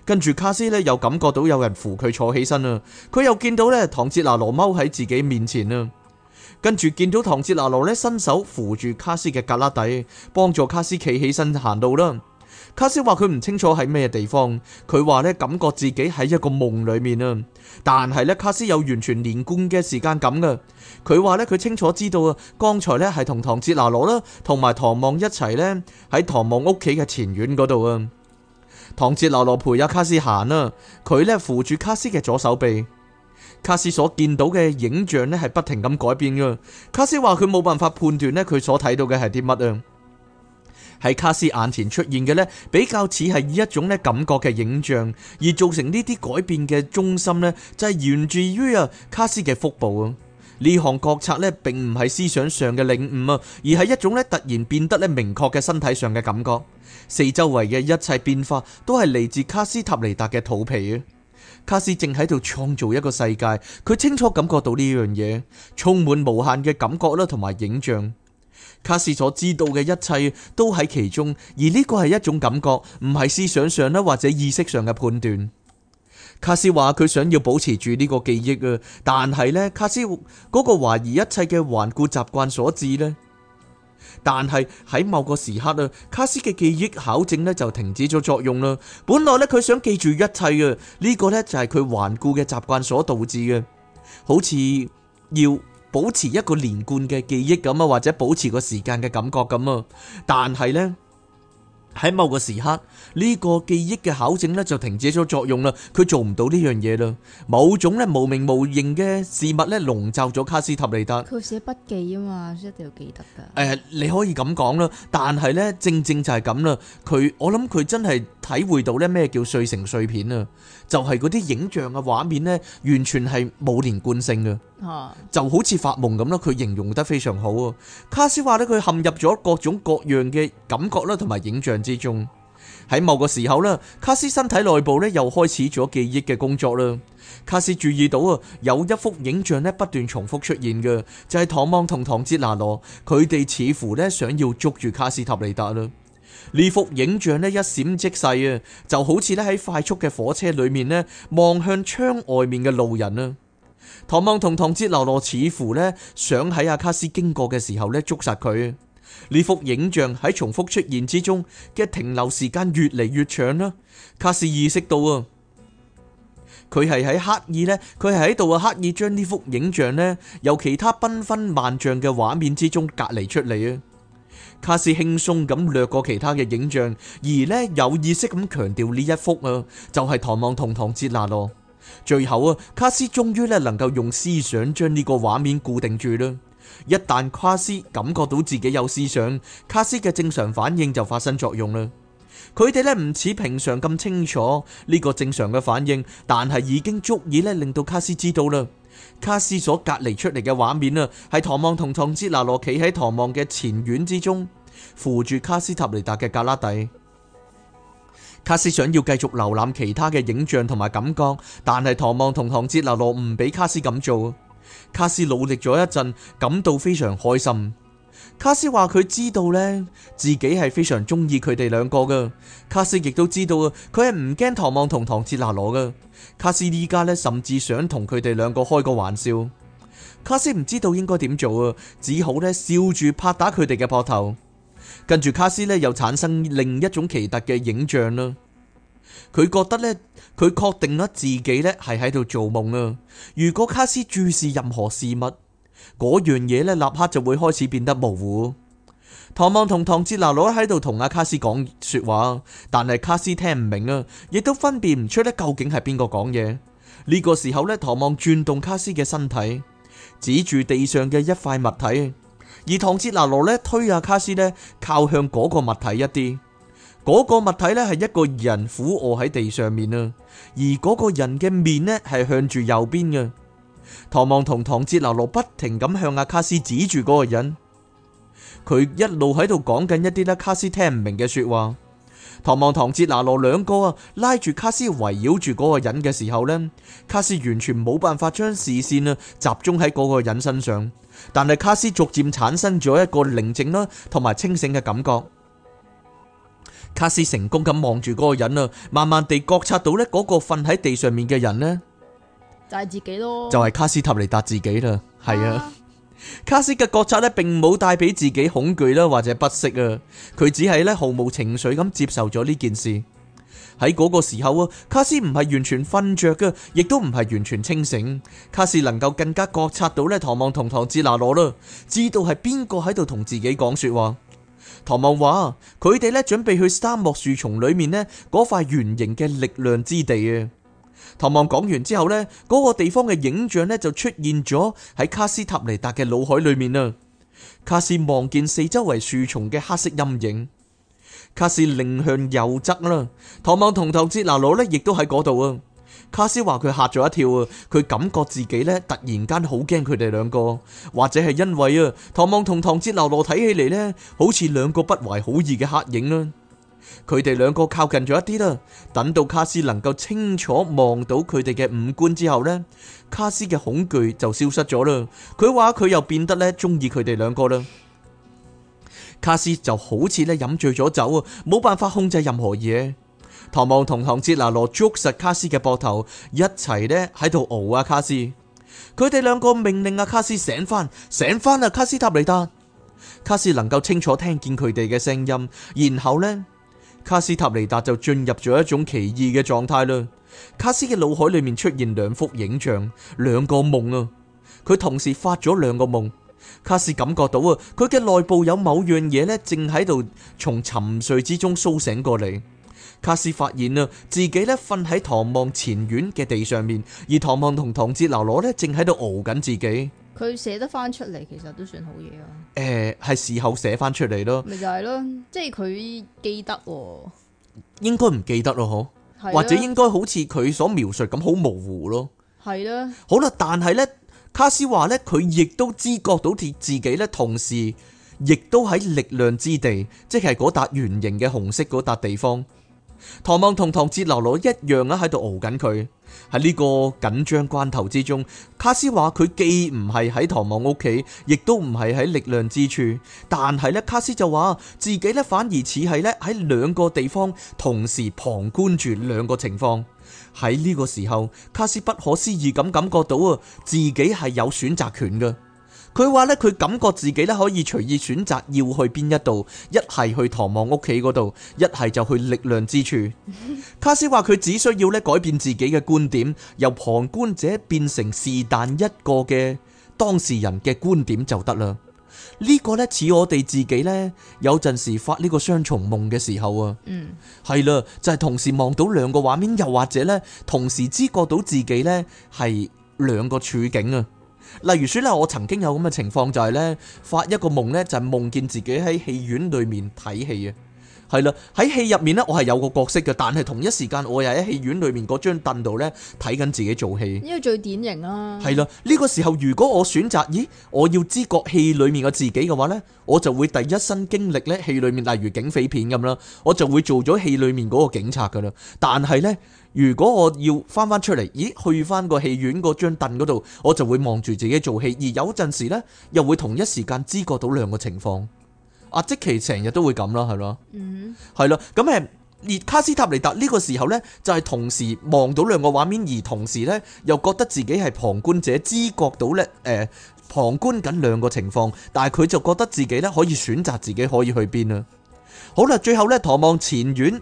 跟住卡斯咧，又感覺到有人扶佢坐起身啦。佢又見到咧，唐哲拿羅踎喺自己面前啦。跟住見到唐哲拿羅咧，伸手扶住卡斯嘅格拉底，幫助卡斯企起身行路啦。卡斯話佢唔清楚喺咩地方，佢話咧，感覺自己喺一個夢裏面啊。但係咧，卡斯有完全連貫嘅時間感噶。佢話咧，佢清楚知道啊，剛才咧係同唐哲拿羅啦，同埋唐望一齊咧，喺唐望屋企嘅前院嗰度啊。唐望流落陪阿卡斯行啊！佢咧扶住卡斯嘅左手臂，卡斯所見到嘅影像咧係不停咁改變噶。卡斯話佢冇辦法判斷咧佢所睇到嘅係啲乜啊！喺卡斯眼前出現嘅咧比較似係以一種咧感覺嘅影像而造成呢啲改變嘅中心咧就係源自於啊卡斯嘅腹部啊！呢項覺察咧，並唔係思想上嘅領悟啊，而係一種咧突然變得咧明確嘅身體上嘅感覺。四周圍嘅一切變化都係嚟自卡斯塔尼達嘅肚皮啊！卡斯正喺度創造一個世界，佢清楚感覺到呢樣嘢，充滿無限嘅感覺啦，同埋影像。卡斯所知道嘅一切都喺其中，而呢個係一種感覺，唔係思想上啦或者意識上嘅判斷。卡斯話佢想要保持住呢個記憶啊，但係呢，卡斯嗰個懷疑一切嘅頑固習慣所致呢。但係喺某個時刻啊，卡斯嘅記憶考證呢就停止咗作用啦。本來呢，佢想記住一切嘅，呢、這個呢就係佢頑固嘅習慣所導致嘅，好似要保持一個連貫嘅記憶咁啊，或者保持個時間嘅感覺咁啊。但係呢，喺某個時刻。呢個記憶嘅考證咧就停止咗作用啦。佢做唔到呢樣嘢啦。某種咧無名無形嘅事物咧籠罩咗卡斯塔尼達。佢寫筆記啊嘛，一定要記得噶。誒，你可以咁講啦，但係咧正正就係咁啦。佢我諗佢真係體會到咧咩叫碎成碎片啊，就係嗰啲影像嘅畫面咧完全係冇連貫性嘅，就好似發夢咁咯。佢形容得非常好啊。卡斯話咧佢陷入咗各種各樣嘅感覺啦，同埋影像之中。喺某個時候咧，卡斯身體內部咧又開始咗記憶嘅工作啦。卡斯注意到啊，有一幅影像咧不斷重複出現嘅，就係、是、唐望同唐哲拿羅，佢哋似乎咧想要捉住卡斯塔尼達啦。呢幅影像咧一閃即逝啊，就好似咧喺快速嘅火車裏面咧望向窗外面嘅路人啦。唐望同唐哲拿羅似乎咧想喺阿卡斯經過嘅時候咧捉實佢。呢幅影像喺重複出現之中嘅停留時間越嚟越長啦。卡斯意識到啊，佢係喺刻意咧，佢係喺度啊刻意將呢幅影像咧由其他繽紛萬象嘅畫面之中隔離出嚟啊。卡斯輕鬆咁掠過其他嘅影像，而咧有意識咁強調呢一幅啊，就係唐望同唐哲娜咯。最後啊，卡斯終於咧能夠用思想將呢個畫面固定住啦。一旦卡斯感覺到自己有思想，卡斯嘅正常反應就發生作用啦。佢哋咧唔似平常咁清楚呢個正常嘅反應，但係已經足以咧令到卡斯知道啦。卡斯所隔離出嚟嘅畫面啊，係唐望同唐哲那洛企喺唐望嘅前院之中，扶住卡斯塔尼達嘅格拉底。卡斯想要繼續瀏覽其他嘅影像同埋感覺，但係唐望同唐哲那洛唔俾卡斯咁做。卡斯努力咗一陣，感到非常開心。卡斯話佢知道呢，自己係非常中意佢哋兩個噶。卡斯亦都知道啊，佢係唔驚唐望同唐切拿羅噶。卡斯依家呢，甚至想同佢哋兩個開個玩笑。卡斯唔知道應該點做啊，只好呢笑住拍打佢哋嘅膊頭。跟住卡斯呢，又產生另一種奇特嘅影像啦。佢覺得呢，佢確定咗自己呢係喺度做夢啊。如果卡斯注視任何事物，嗰樣嘢呢，立刻就會開始變得模糊。唐望同唐哲拿羅喺度同阿卡斯講說話，但係卡斯聽唔明啊，亦都分辨唔出呢究竟係邊個講嘢。呢個時候呢，唐望轉動卡斯嘅身體，指住地上嘅一塊物體，而唐哲拿羅呢推阿卡斯呢靠向嗰個物體一啲。嗰個物體咧係一個人俯臥喺地上面啊，而嗰個人嘅面咧係向住右邊嘅。唐望同唐哲拿羅不停咁向阿卡斯指住嗰個人，佢一路喺度講緊一啲咧卡斯聽唔明嘅說話。唐望唐哲拿羅兩個啊拉住卡斯圍繞住嗰個人嘅時候呢，卡斯完全冇辦法將視線啊集中喺嗰個人身上，但係卡斯逐漸產生咗一個寧靜啦同埋清醒嘅感覺。卡斯成功咁望住嗰個人啦，慢慢地覺察到呢，嗰個瞓喺地上面嘅人呢，就係自己咯，就係卡斯塔尼達自己啦。係呀啊，卡斯嘅覺察呢並冇帶俾自己恐懼啦，或者不適啊。佢只係呢，毫無情緒咁接受咗呢件事。喺嗰個時候啊，卡斯唔係完全瞓着嘅，亦都唔係完全清醒。卡斯能夠更加覺察到呢，唐望同唐哲拿羅啦，知道係邊個喺度同自己講說話。唐望話：佢哋咧準備去沙漠樹叢裏面咧嗰塊圓形嘅力量之地啊！唐望講完之後呢嗰、那個地方嘅影像咧就出現咗喺卡斯塔尼達嘅腦海裏面啦。卡斯望見四周圍樹叢嘅黑色陰影，卡斯另向右側啦。唐望同頭接拿羅咧亦都喺嗰度啊。卡斯話佢吓咗一跳啊！佢感覺自己咧突然間好驚佢哋兩個，或者係因為啊，唐望同唐哲流羅睇起嚟咧，好似兩個不懷好意嘅黑影啦。佢哋兩個靠近咗一啲啦，等到卡斯能夠清楚望到佢哋嘅五官之後咧，卡斯嘅恐懼就消失咗啦。佢話佢又變得咧中意佢哋兩個啦。卡斯就好似咧飲醉咗酒啊，冇辦法控制任何嘢。唐望同唐哲拿羅捉實卡斯嘅膊頭，一齊呢喺度熬啊！卡斯，佢哋兩個命令阿卡斯醒翻，醒翻啊！卡斯塔尼達，卡斯能夠清楚聽見佢哋嘅聲音，然後呢，卡斯塔尼達就進入咗一種奇異嘅狀態啦。卡斯嘅腦海裏面出現兩幅影像，兩個夢啊！佢同時發咗兩個夢，卡斯感覺到啊，佢嘅內部有某樣嘢呢，正喺度從沉睡之中蘇醒過嚟。卡斯發現啦，自己咧瞓喺唐望前院嘅地上面，而唐望同唐哲流羅咧正喺度熬緊自己。佢寫得翻出嚟，其實都算好嘢啊。誒、呃，係事後寫翻出嚟咯，咪就係咯，即係佢記得，應該唔記得咯，嗬，的或者應該好似佢所描述咁好模糊咯，係啦的，好啦。但係咧，卡斯話咧，佢亦都知覺到，自自己咧同時亦都喺力量之地，即係嗰笪圓形嘅紅色嗰笪地方。唐望同唐哲流羅一樣啊，喺度熬緊佢。喺呢個緊張關頭之中，卡斯話佢既唔係喺唐望屋企，亦都唔係喺力量之處，但係咧，卡斯就話自己咧反而似係咧喺兩個地方同時旁觀住兩個情況。喺呢個時候，卡斯不可思議咁感覺到啊，自己係有選擇權㗎。佢話咧，佢感覺自己咧可以隨意選擇要去邊一度，一係去唐望屋企嗰度，一係就去力量之處。 卡斯話佢只需要咧改變自己嘅觀點，由旁觀者變成是但一個嘅當事人嘅觀點就得啦。呢個咧似我哋自己咧有陣時發呢個雙重夢嘅時候啊，係啦、嗯，就係、是、同時望到兩個畫面，又或者咧同時知覺到自己咧係兩個處境啊。例如說咧，我曾經有咁嘅情況，就係咧發一個夢咧，就係夢見自己喺戲院裏面睇戲啊。係啦，喺戲入面呢，我係有個角色嘅，但係同一時間，我又喺戲院裏面嗰張凳度呢，睇緊自己做戲。呢個最典型啦。係啦，呢個時候如果我選擇，咦，我要知覺戲裏面嘅自己嘅話呢，我就會第一身經歷呢，戲裏面，例如警匪片咁啦，我就會做咗戲裏面嗰個警察噶啦。但係呢，如果我要翻翻出嚟，咦，去翻個戲院嗰張凳嗰度，我就會望住自己做戲。而有陣時呢，又會同一時間知覺到兩個情況。阿、啊、即其成日都會咁啦，係咯，係咯、嗯哼，咁誒，而卡斯塔尼達呢個時候呢，就係、是、同時望到兩個畫面，而同時呢，又覺得自己係旁觀者，知覺到呢，誒、呃，旁觀緊兩個情況，但係佢就覺得自己呢，可以選擇自己可以去邊啊。好啦，最後呢，唐望前院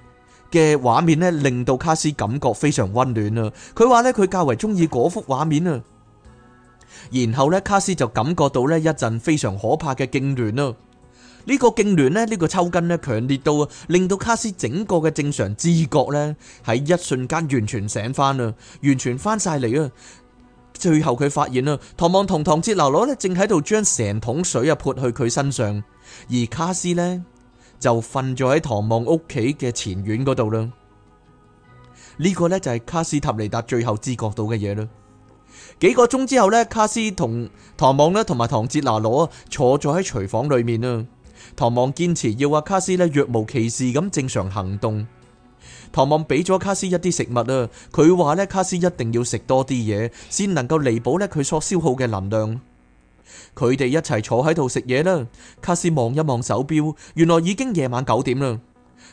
嘅畫面呢，令到卡斯感覺非常溫暖啊。佢話呢，佢較為中意嗰幅畫面啊。然後呢，卡斯就感覺到呢，一陣非常可怕嘅驚亂啊。呢個痙攣呢，呢、呢個抽筋呢，強烈到、啊、令到卡斯整個嘅正常知覺呢，喺一瞬間完全醒翻啦，完全翻晒嚟啊！最後佢發現啦，唐望同唐哲拿攞咧正喺度將成桶水啊潑去佢身上，而卡斯呢，就瞓咗喺唐望屋企嘅前院嗰度啦。呢、呢個呢，就係、係、卡斯塔尼達最後知覺到嘅嘢啦。幾個鐘之後呢，卡斯同唐望咧同埋唐哲拿攞坐咗喺廚房裏面啊。唐望堅持要阿卡斯咧若無其事咁正常行動。唐望俾咗卡斯一啲食物啊，佢話咧卡斯一定要食多啲嘢，先能夠彌補咧佢所消耗嘅能量。佢哋一齊坐喺度食嘢啦。卡斯望一望手錶，原來已經夜晚九點啦。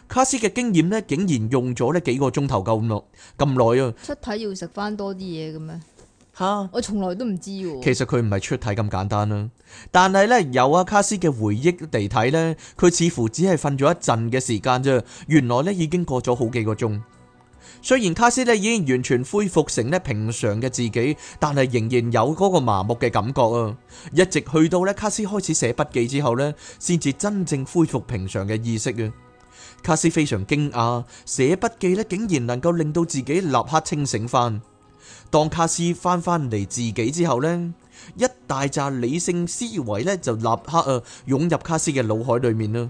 卡斯嘅經驗咧，竟然用咗咧幾個鐘頭夠咁咯，咁耐啊！出體要食翻多啲嘢嘅咩？吓！我從來都唔知喎。其實佢唔係出體咁簡單啦，但係呢，有阿卡斯嘅回憶地睇呢，佢似乎只係瞓咗一陣嘅時間啫。原來呢已經過咗好幾個鐘。雖然卡斯呢已經完全恢復成呢平常嘅自己，但係仍然有嗰個麻木嘅感覺啊！一直去到呢卡斯開始寫筆記之後呢，先至真正恢復平常嘅意識啊！卡斯非常驚訝，寫筆記呢竟然能夠令到自己立刻清醒翻。當卡斯翻返嚟自己之後咧，一大扎理性思維咧就立刻啊湧入卡斯嘅腦海裏面啦，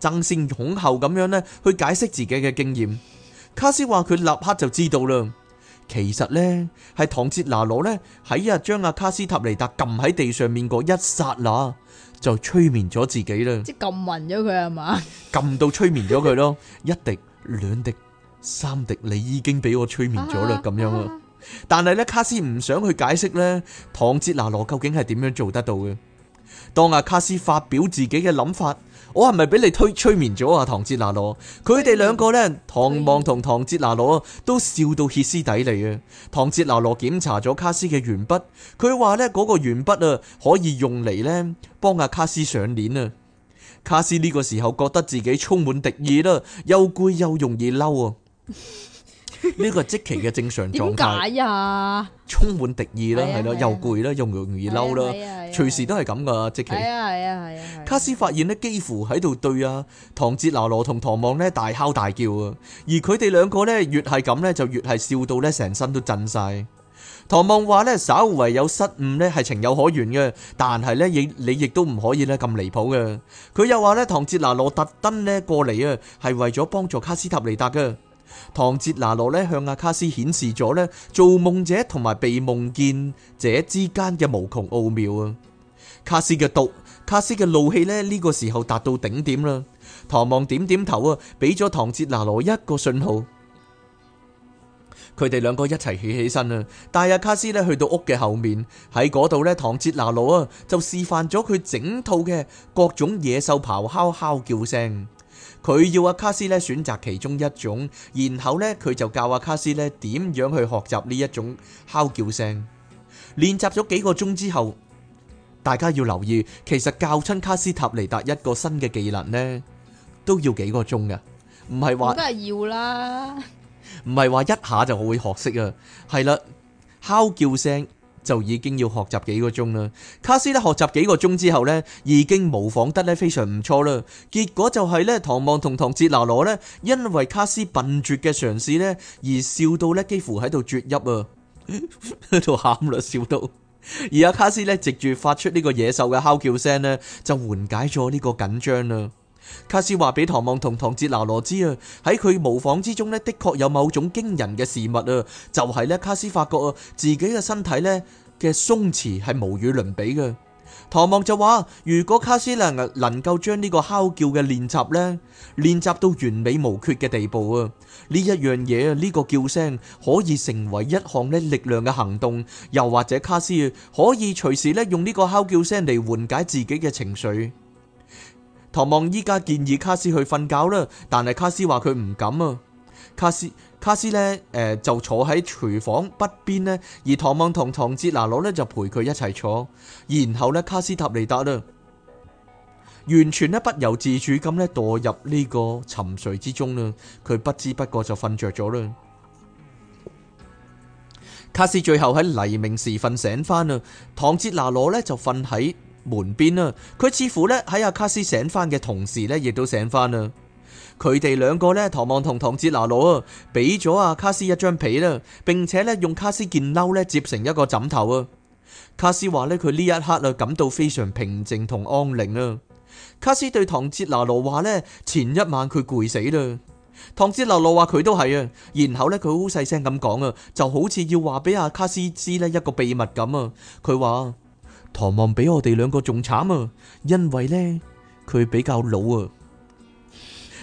爭先恐後咁樣咧去解釋自己嘅經驗。卡斯話佢立刻就知道啦，其實咧係唐哲拿羅咧喺日將阿卡斯塔尼達撳喺地上面個一剎那就催眠咗自己啦，即係撳暈咗佢係嘛？撳到催眠咗佢咯，一滴、兩滴、三滴，你已經俾我催眠咗啦，咁樣啊！但係咧，卡斯唔想去解釋呢，唐哲拿羅究竟係點樣做得到嘅？當阿、啊、卡斯發表自己嘅諗法，我係咪俾你推催眠咗啊？唐哲拿羅，佢哋兩個呢，唐望同唐哲拿羅、啊、都笑到歇斯底里啊！唐哲拿羅檢查咗卡斯嘅鉛筆，佢話呢嗰、那個鉛筆啊，可以用嚟呢幫阿、啊、卡斯上鏈啊！卡斯呢個時候覺得自己充滿敵意啦，又攰又容易嬲啊！ 呢個即期嘅正常狀態，點解呀？充滿敵意啦，係咯，又攰啦，又容易嬲啦，隨時都係咁噶。即期係啊係啊係啊！卡斯發現咧，幾乎喺度對啊唐哲拿羅同唐望咧大喊大叫啊！而佢哋兩個咧越係咁咧，就越係笑到咧成身都震晒。唐望話咧，稍為有失誤咧係情有可原嘅，但係咧亦你亦都唔可以咧咁離譜嘅。佢又話咧，唐哲拿羅特登咧過嚟啊，係為咗幫助卡斯塔尼達嘅。唐哲拿羅咧向阿卡斯顯示咗咧做夢者同埋被夢見者之間嘅無窮奧妙啊！卡斯嘅毒，卡斯嘅怒氣咧呢個時候達到頂點啦！唐望點點頭啊，俾咗唐哲拿羅一個信號。佢哋兩個一齊起起身啦，帶阿卡斯咧去到屋嘅後面喺嗰度咧，唐哲拿羅啊就示範咗佢整套嘅各種野獸咆哮、哮叫聲。佢要阿卡斯咧選擇其中一種，然後咧佢就教阿卡斯咧點樣去學習呢一種敲叫聲。練習咗幾個鐘之後，大家要留意，其實教親卡斯塔尼達一個新嘅技能咧，都要幾個鐘噶，唔係話，咁梗係要啦，唔係話一下就會學識啊，係啦，敲叫聲。就已經要學習幾個鐘啦。卡斯咧學習幾個鐘之後呢，已經模仿得咧非常唔錯啦。結果就係呢，唐望同唐哲拿羅呢，因為卡斯笨拙嘅嘗試呢，而笑到呢幾乎喺度啜泣啊，喺度喊啦，笑到。而阿卡斯呢，藉住發出呢個野獸嘅嚎叫聲呢，就緩解咗呢個緊張啦。卡斯話俾唐望同唐哲拿羅知啊，喺佢模仿之中呢，的確有某種驚人嘅事物啊，就係、是、咧卡斯發覺啊，自己嘅身體呢嘅鬆弛係無與倫比嘅。唐望就話，如果卡斯能能夠將呢個敲叫嘅練習呢，練習到完美無缺嘅地步啊，呢一樣嘢啊，呢、呢個叫聲可以成為一項咧力量嘅行動，又或者卡斯可以隨時咧用呢個敲叫聲嚟緩解自己嘅情緒。唐望依家建議卡斯去瞓覺啦，但係卡斯話佢唔敢啊。卡斯卡斯咧，誒、呃、就坐喺廚房北邊呢。而唐望同唐哲拿羅呢，就陪佢一齊坐，然後呢，卡斯塔利達啦，完全呢不由自主咁呢墮入呢個沉睡之中啦，佢不知不覺就瞓着咗啦。卡斯最後喺黎明時瞓醒翻啦，唐哲拿羅呢，就瞓喺門邊啊，佢似乎咧喺阿卡斯醒翻嘅同時咧，亦都醒翻啦。佢哋兩個咧，唐望同唐哲拿羅啊，俾咗阿卡斯一張被啦，並且咧用卡斯件褸咧折成一個枕頭啊。卡斯話咧佢呢一刻啊，感到非常平靜同安寧啊。卡斯對唐哲拿羅話呢，前一晚佢攰死啦。唐哲拿羅話佢都係啊，然後咧佢好細聲咁講啊，就好似要話俾阿卡斯知呢一個秘密咁啊。佢話。唐望比我哋兩個仲慘啊，因為呢，佢比較老啊。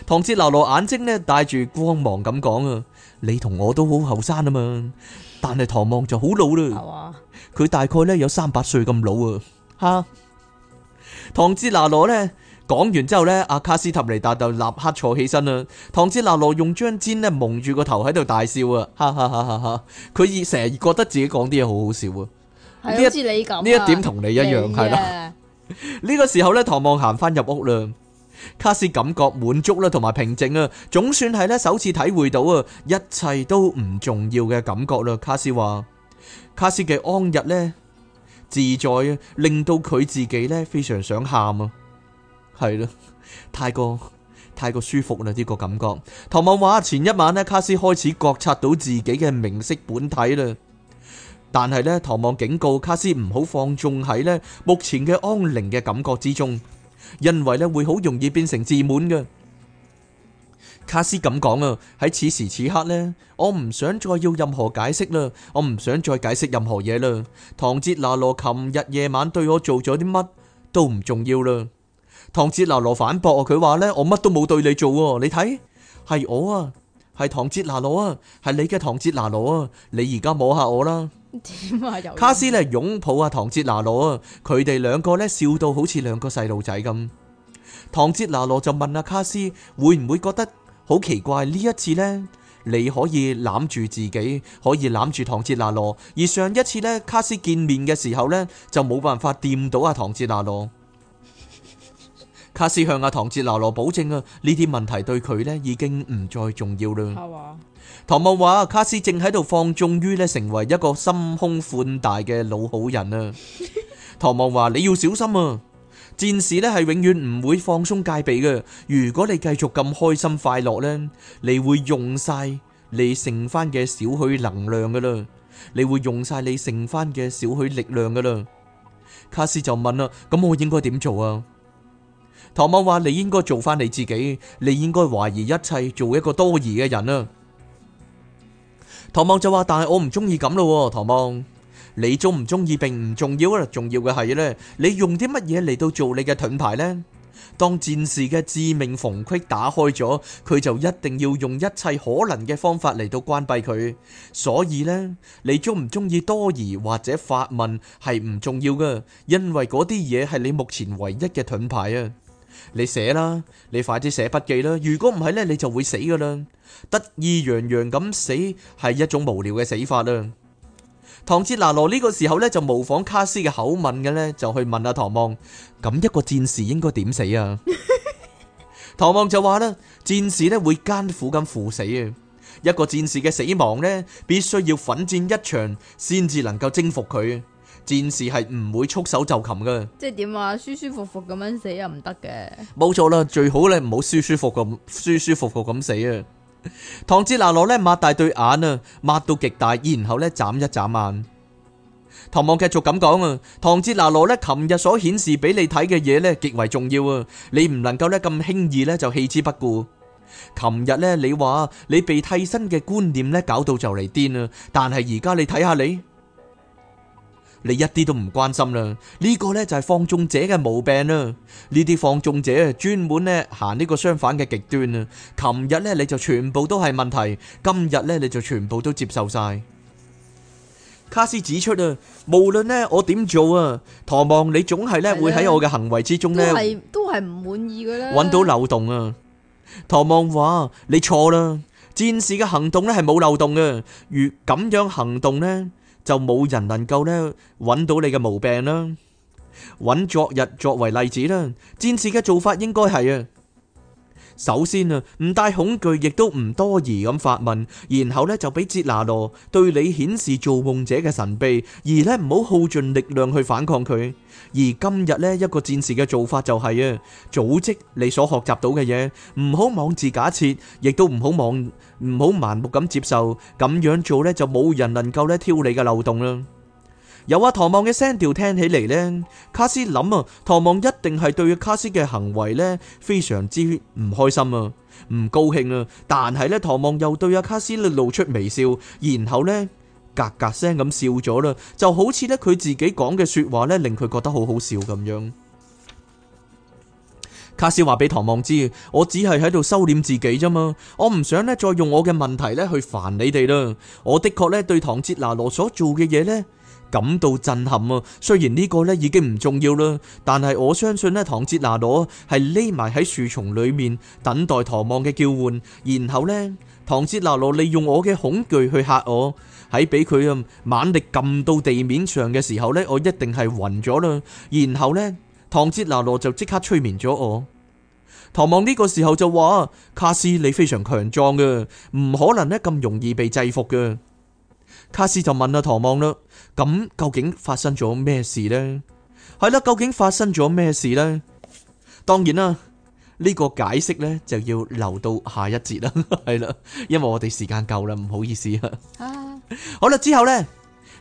唐之拿羅眼睛呢，帶住光芒咁講啊，你同我都好後生啊嘛，但係唐望就好老啦。佢，哦啊、大概呢，有三百歲咁老啊。吓、啊，唐之拿羅呢，講完之後呢，阿卡斯塔尼達就立刻坐起身啦。唐之拿羅用張氈呢，蒙住個頭喺度大笑啊，哈哈哈！佢成日覺得自己講啲嘢好好笑啊。係好似你咁、啊，呢一點同你一樣，係啦、啊。呢對了 個時候咧，唐望行翻入屋啦，卡斯感覺滿足啦，同埋平靜啊，總算係咧首次體會到啊，一切都唔重要嘅感覺啦。卡斯話：卡斯嘅安逸咧，自在啊，令到佢自己咧非常想喊啊，係啦，太過太過舒服啦，呢、這個感覺。唐望話：前一晚咧，卡斯開始覺察到自己嘅明晰本體啦。但係咧，唐望警告卡斯唔好放縱喺咧目前嘅安寧嘅感覺之中，因為咧會好容易變成自滿嘅。卡斯咁講啊，喺此時此刻咧，我唔想再要任何解釋啦，我唔想再解釋任何嘢啦。唐哲拿羅琴日夜晚對我做咗啲乜都唔重要啦。唐哲拿羅反駁啊，佢話咧，我乜都冇對你做，你睇係我啊。係唐哲拿羅啊，係你嘅唐哲拿羅啊，你而家摸下我啦。 卡斯呢，擁抱阿唐哲拿羅啊，佢哋兩個呢，笑到好似兩個細路仔咁。唐哲拿羅就問阿、啊、卡斯會唔會覺得好奇怪呢，一次呢，你可以攬住自己，可以攬住唐哲拿羅，而上一次呢，卡斯見面嘅時候呢，就冇辦法掂到阿、啊、唐哲拿羅。卡斯向阿唐哲拿羅保證啊，呢啲問題對佢呢已經唔再重要啦。啊、哇唐望話：卡斯正喺度放縱於呢成為一個心胸寬大嘅老好人啊。 唐望話：你要小心啊！戰士呢係永遠唔會放鬆戒備嘅。如果你繼續咁開心快樂呢，你會用晒你剩翻嘅少許能量噶啦，你會用晒你剩翻嘅少許力量噶啦。卡斯就問啦：咁我應該點做啊？唐望話：你應該做翻你自己，你應該懷疑一切，做一個多疑嘅人啊！唐望就話：但係我唔中意咁咯，唐望，你中唔中意並唔重要啊，重要嘅係呢，你用啲乜嘢嚟到做你嘅盾牌呢？當戰士嘅致命縫隙打開咗，佢就一定要用一切可能嘅方法嚟到關閉佢。所以呢，你中唔中意多疑或者發問係唔重要噶，因為嗰啲嘢係你目前唯一嘅盾牌啊！你寫啦，你快啲寫筆記啦。如果唔係呢，你就會死噶啦。得意洋洋咁死係一種無聊嘅死法啦。唐哲拿羅呢個時候呢，就模仿卡斯嘅口吻嘅呢，就去問阿唐望：咁一個戰士應該點死啊？ 唐望就話啦：戰士呢會艱苦咁赴死啊。一個戰士嘅死亡呢，必須要奮戰一場先至能夠征服佢。電視係唔會束手就擒噶，即係點啊？舒舒服服咁樣死又唔得嘅，冇錯啦！最好咧，唔好舒舒服咁、舒舒服服咁死啊！ 唐哲拿羅咧擘大對眼啊，擘到極大，然後咧眨一眨眼。唐望繼續咁講啊，唐哲拿羅呢，琴日所顯示俾你睇嘅嘢呢極為重要啊，你唔能夠呢咁輕易呢就棄之不顧。琴日呢，你話你被替身嘅觀念呢搞到就嚟癲啊，但係而家你睇下你。你一啲都唔關心啦，呢個咧就係放縱者嘅毛病啦。呢啲放縱者專門咧行呢個相反嘅極端啦。琴日咧你就全部都係問題，今日咧你就全部都接受晒。卡斯指出啊，無論咧我點做啊，唐望你總係咧會喺我嘅行為之中咧都係都係唔滿意嘅啦。搵到漏洞啊，唐望話你錯啦，戰士嘅行動咧係冇漏洞嘅，如咁樣行動咧。就冇人能夠呢揾到你嘅毛病啦。揾昨日作為例子啦，戰士嘅做法應該係啊。首先啊，唔帶恐懼，亦都唔多疑咁發問，然後咧就俾捷拿羅對你顯示做夢者嘅神秘，而咧唔好耗盡力量去反抗佢。而今日呢一個戰士嘅做法就係、是、啊，組織你所學習到嘅嘢，唔好妄自假設，亦都唔好妄唔好盲目咁接受，咁樣做咧就冇人能夠咧挑你嘅漏洞啦。有阿、啊、唐望嘅聲調聽起嚟呢，卡斯諗啊，唐望一定係對阿卡斯嘅行為呢非常之唔開心啊，唔高興啊。但係呢，唐望又對阿、啊、卡斯露出微笑，然後呢，嘎嘎聲咁笑咗啦，就好似呢佢自己講嘅說話呢令佢覺得好好笑咁樣。卡斯話俾唐望知，我只係喺度收斂自己啫嘛，我唔想呢再用我嘅問題呢去煩你哋啦。我的確呢對唐哲拿羅所做嘅嘢呢，感到震撼啊！雖然呢個呢已經唔重要啦，但係我相信呢，唐哲拿羅係匿埋喺樹叢裏面等待唐望嘅叫喚，然後呢，唐哲拿羅利用我嘅恐懼去嚇我喺俾佢猛力撳到地面上嘅時候呢，我一定係暈咗啦。然後呢，唐哲拿羅就即刻催眠咗我。唐望呢個時候就話：卡斯你非常強壯嘅，唔可能呢咁容易被制服嘅。卡斯就問阿、啊、唐望啦。咁究竟發生咗咩事呢？係啦，究竟發生咗咩事呢？當然啦，呢個解釋呢就要留到下一節啦，係啦，因為我哋時間夠啦，唔好意思啊。好啦，之後呢，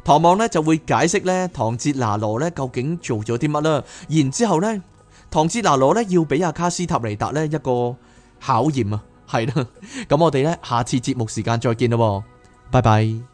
唐望呢就會解釋呢，唐哲拿羅呢究竟做咗啲乜啦？然之後呢，唐哲拿羅呢要俾阿卡斯塔尼達呢一個考驗啊，係啦。咁我哋呢下次節目時間再見啦，拜拜。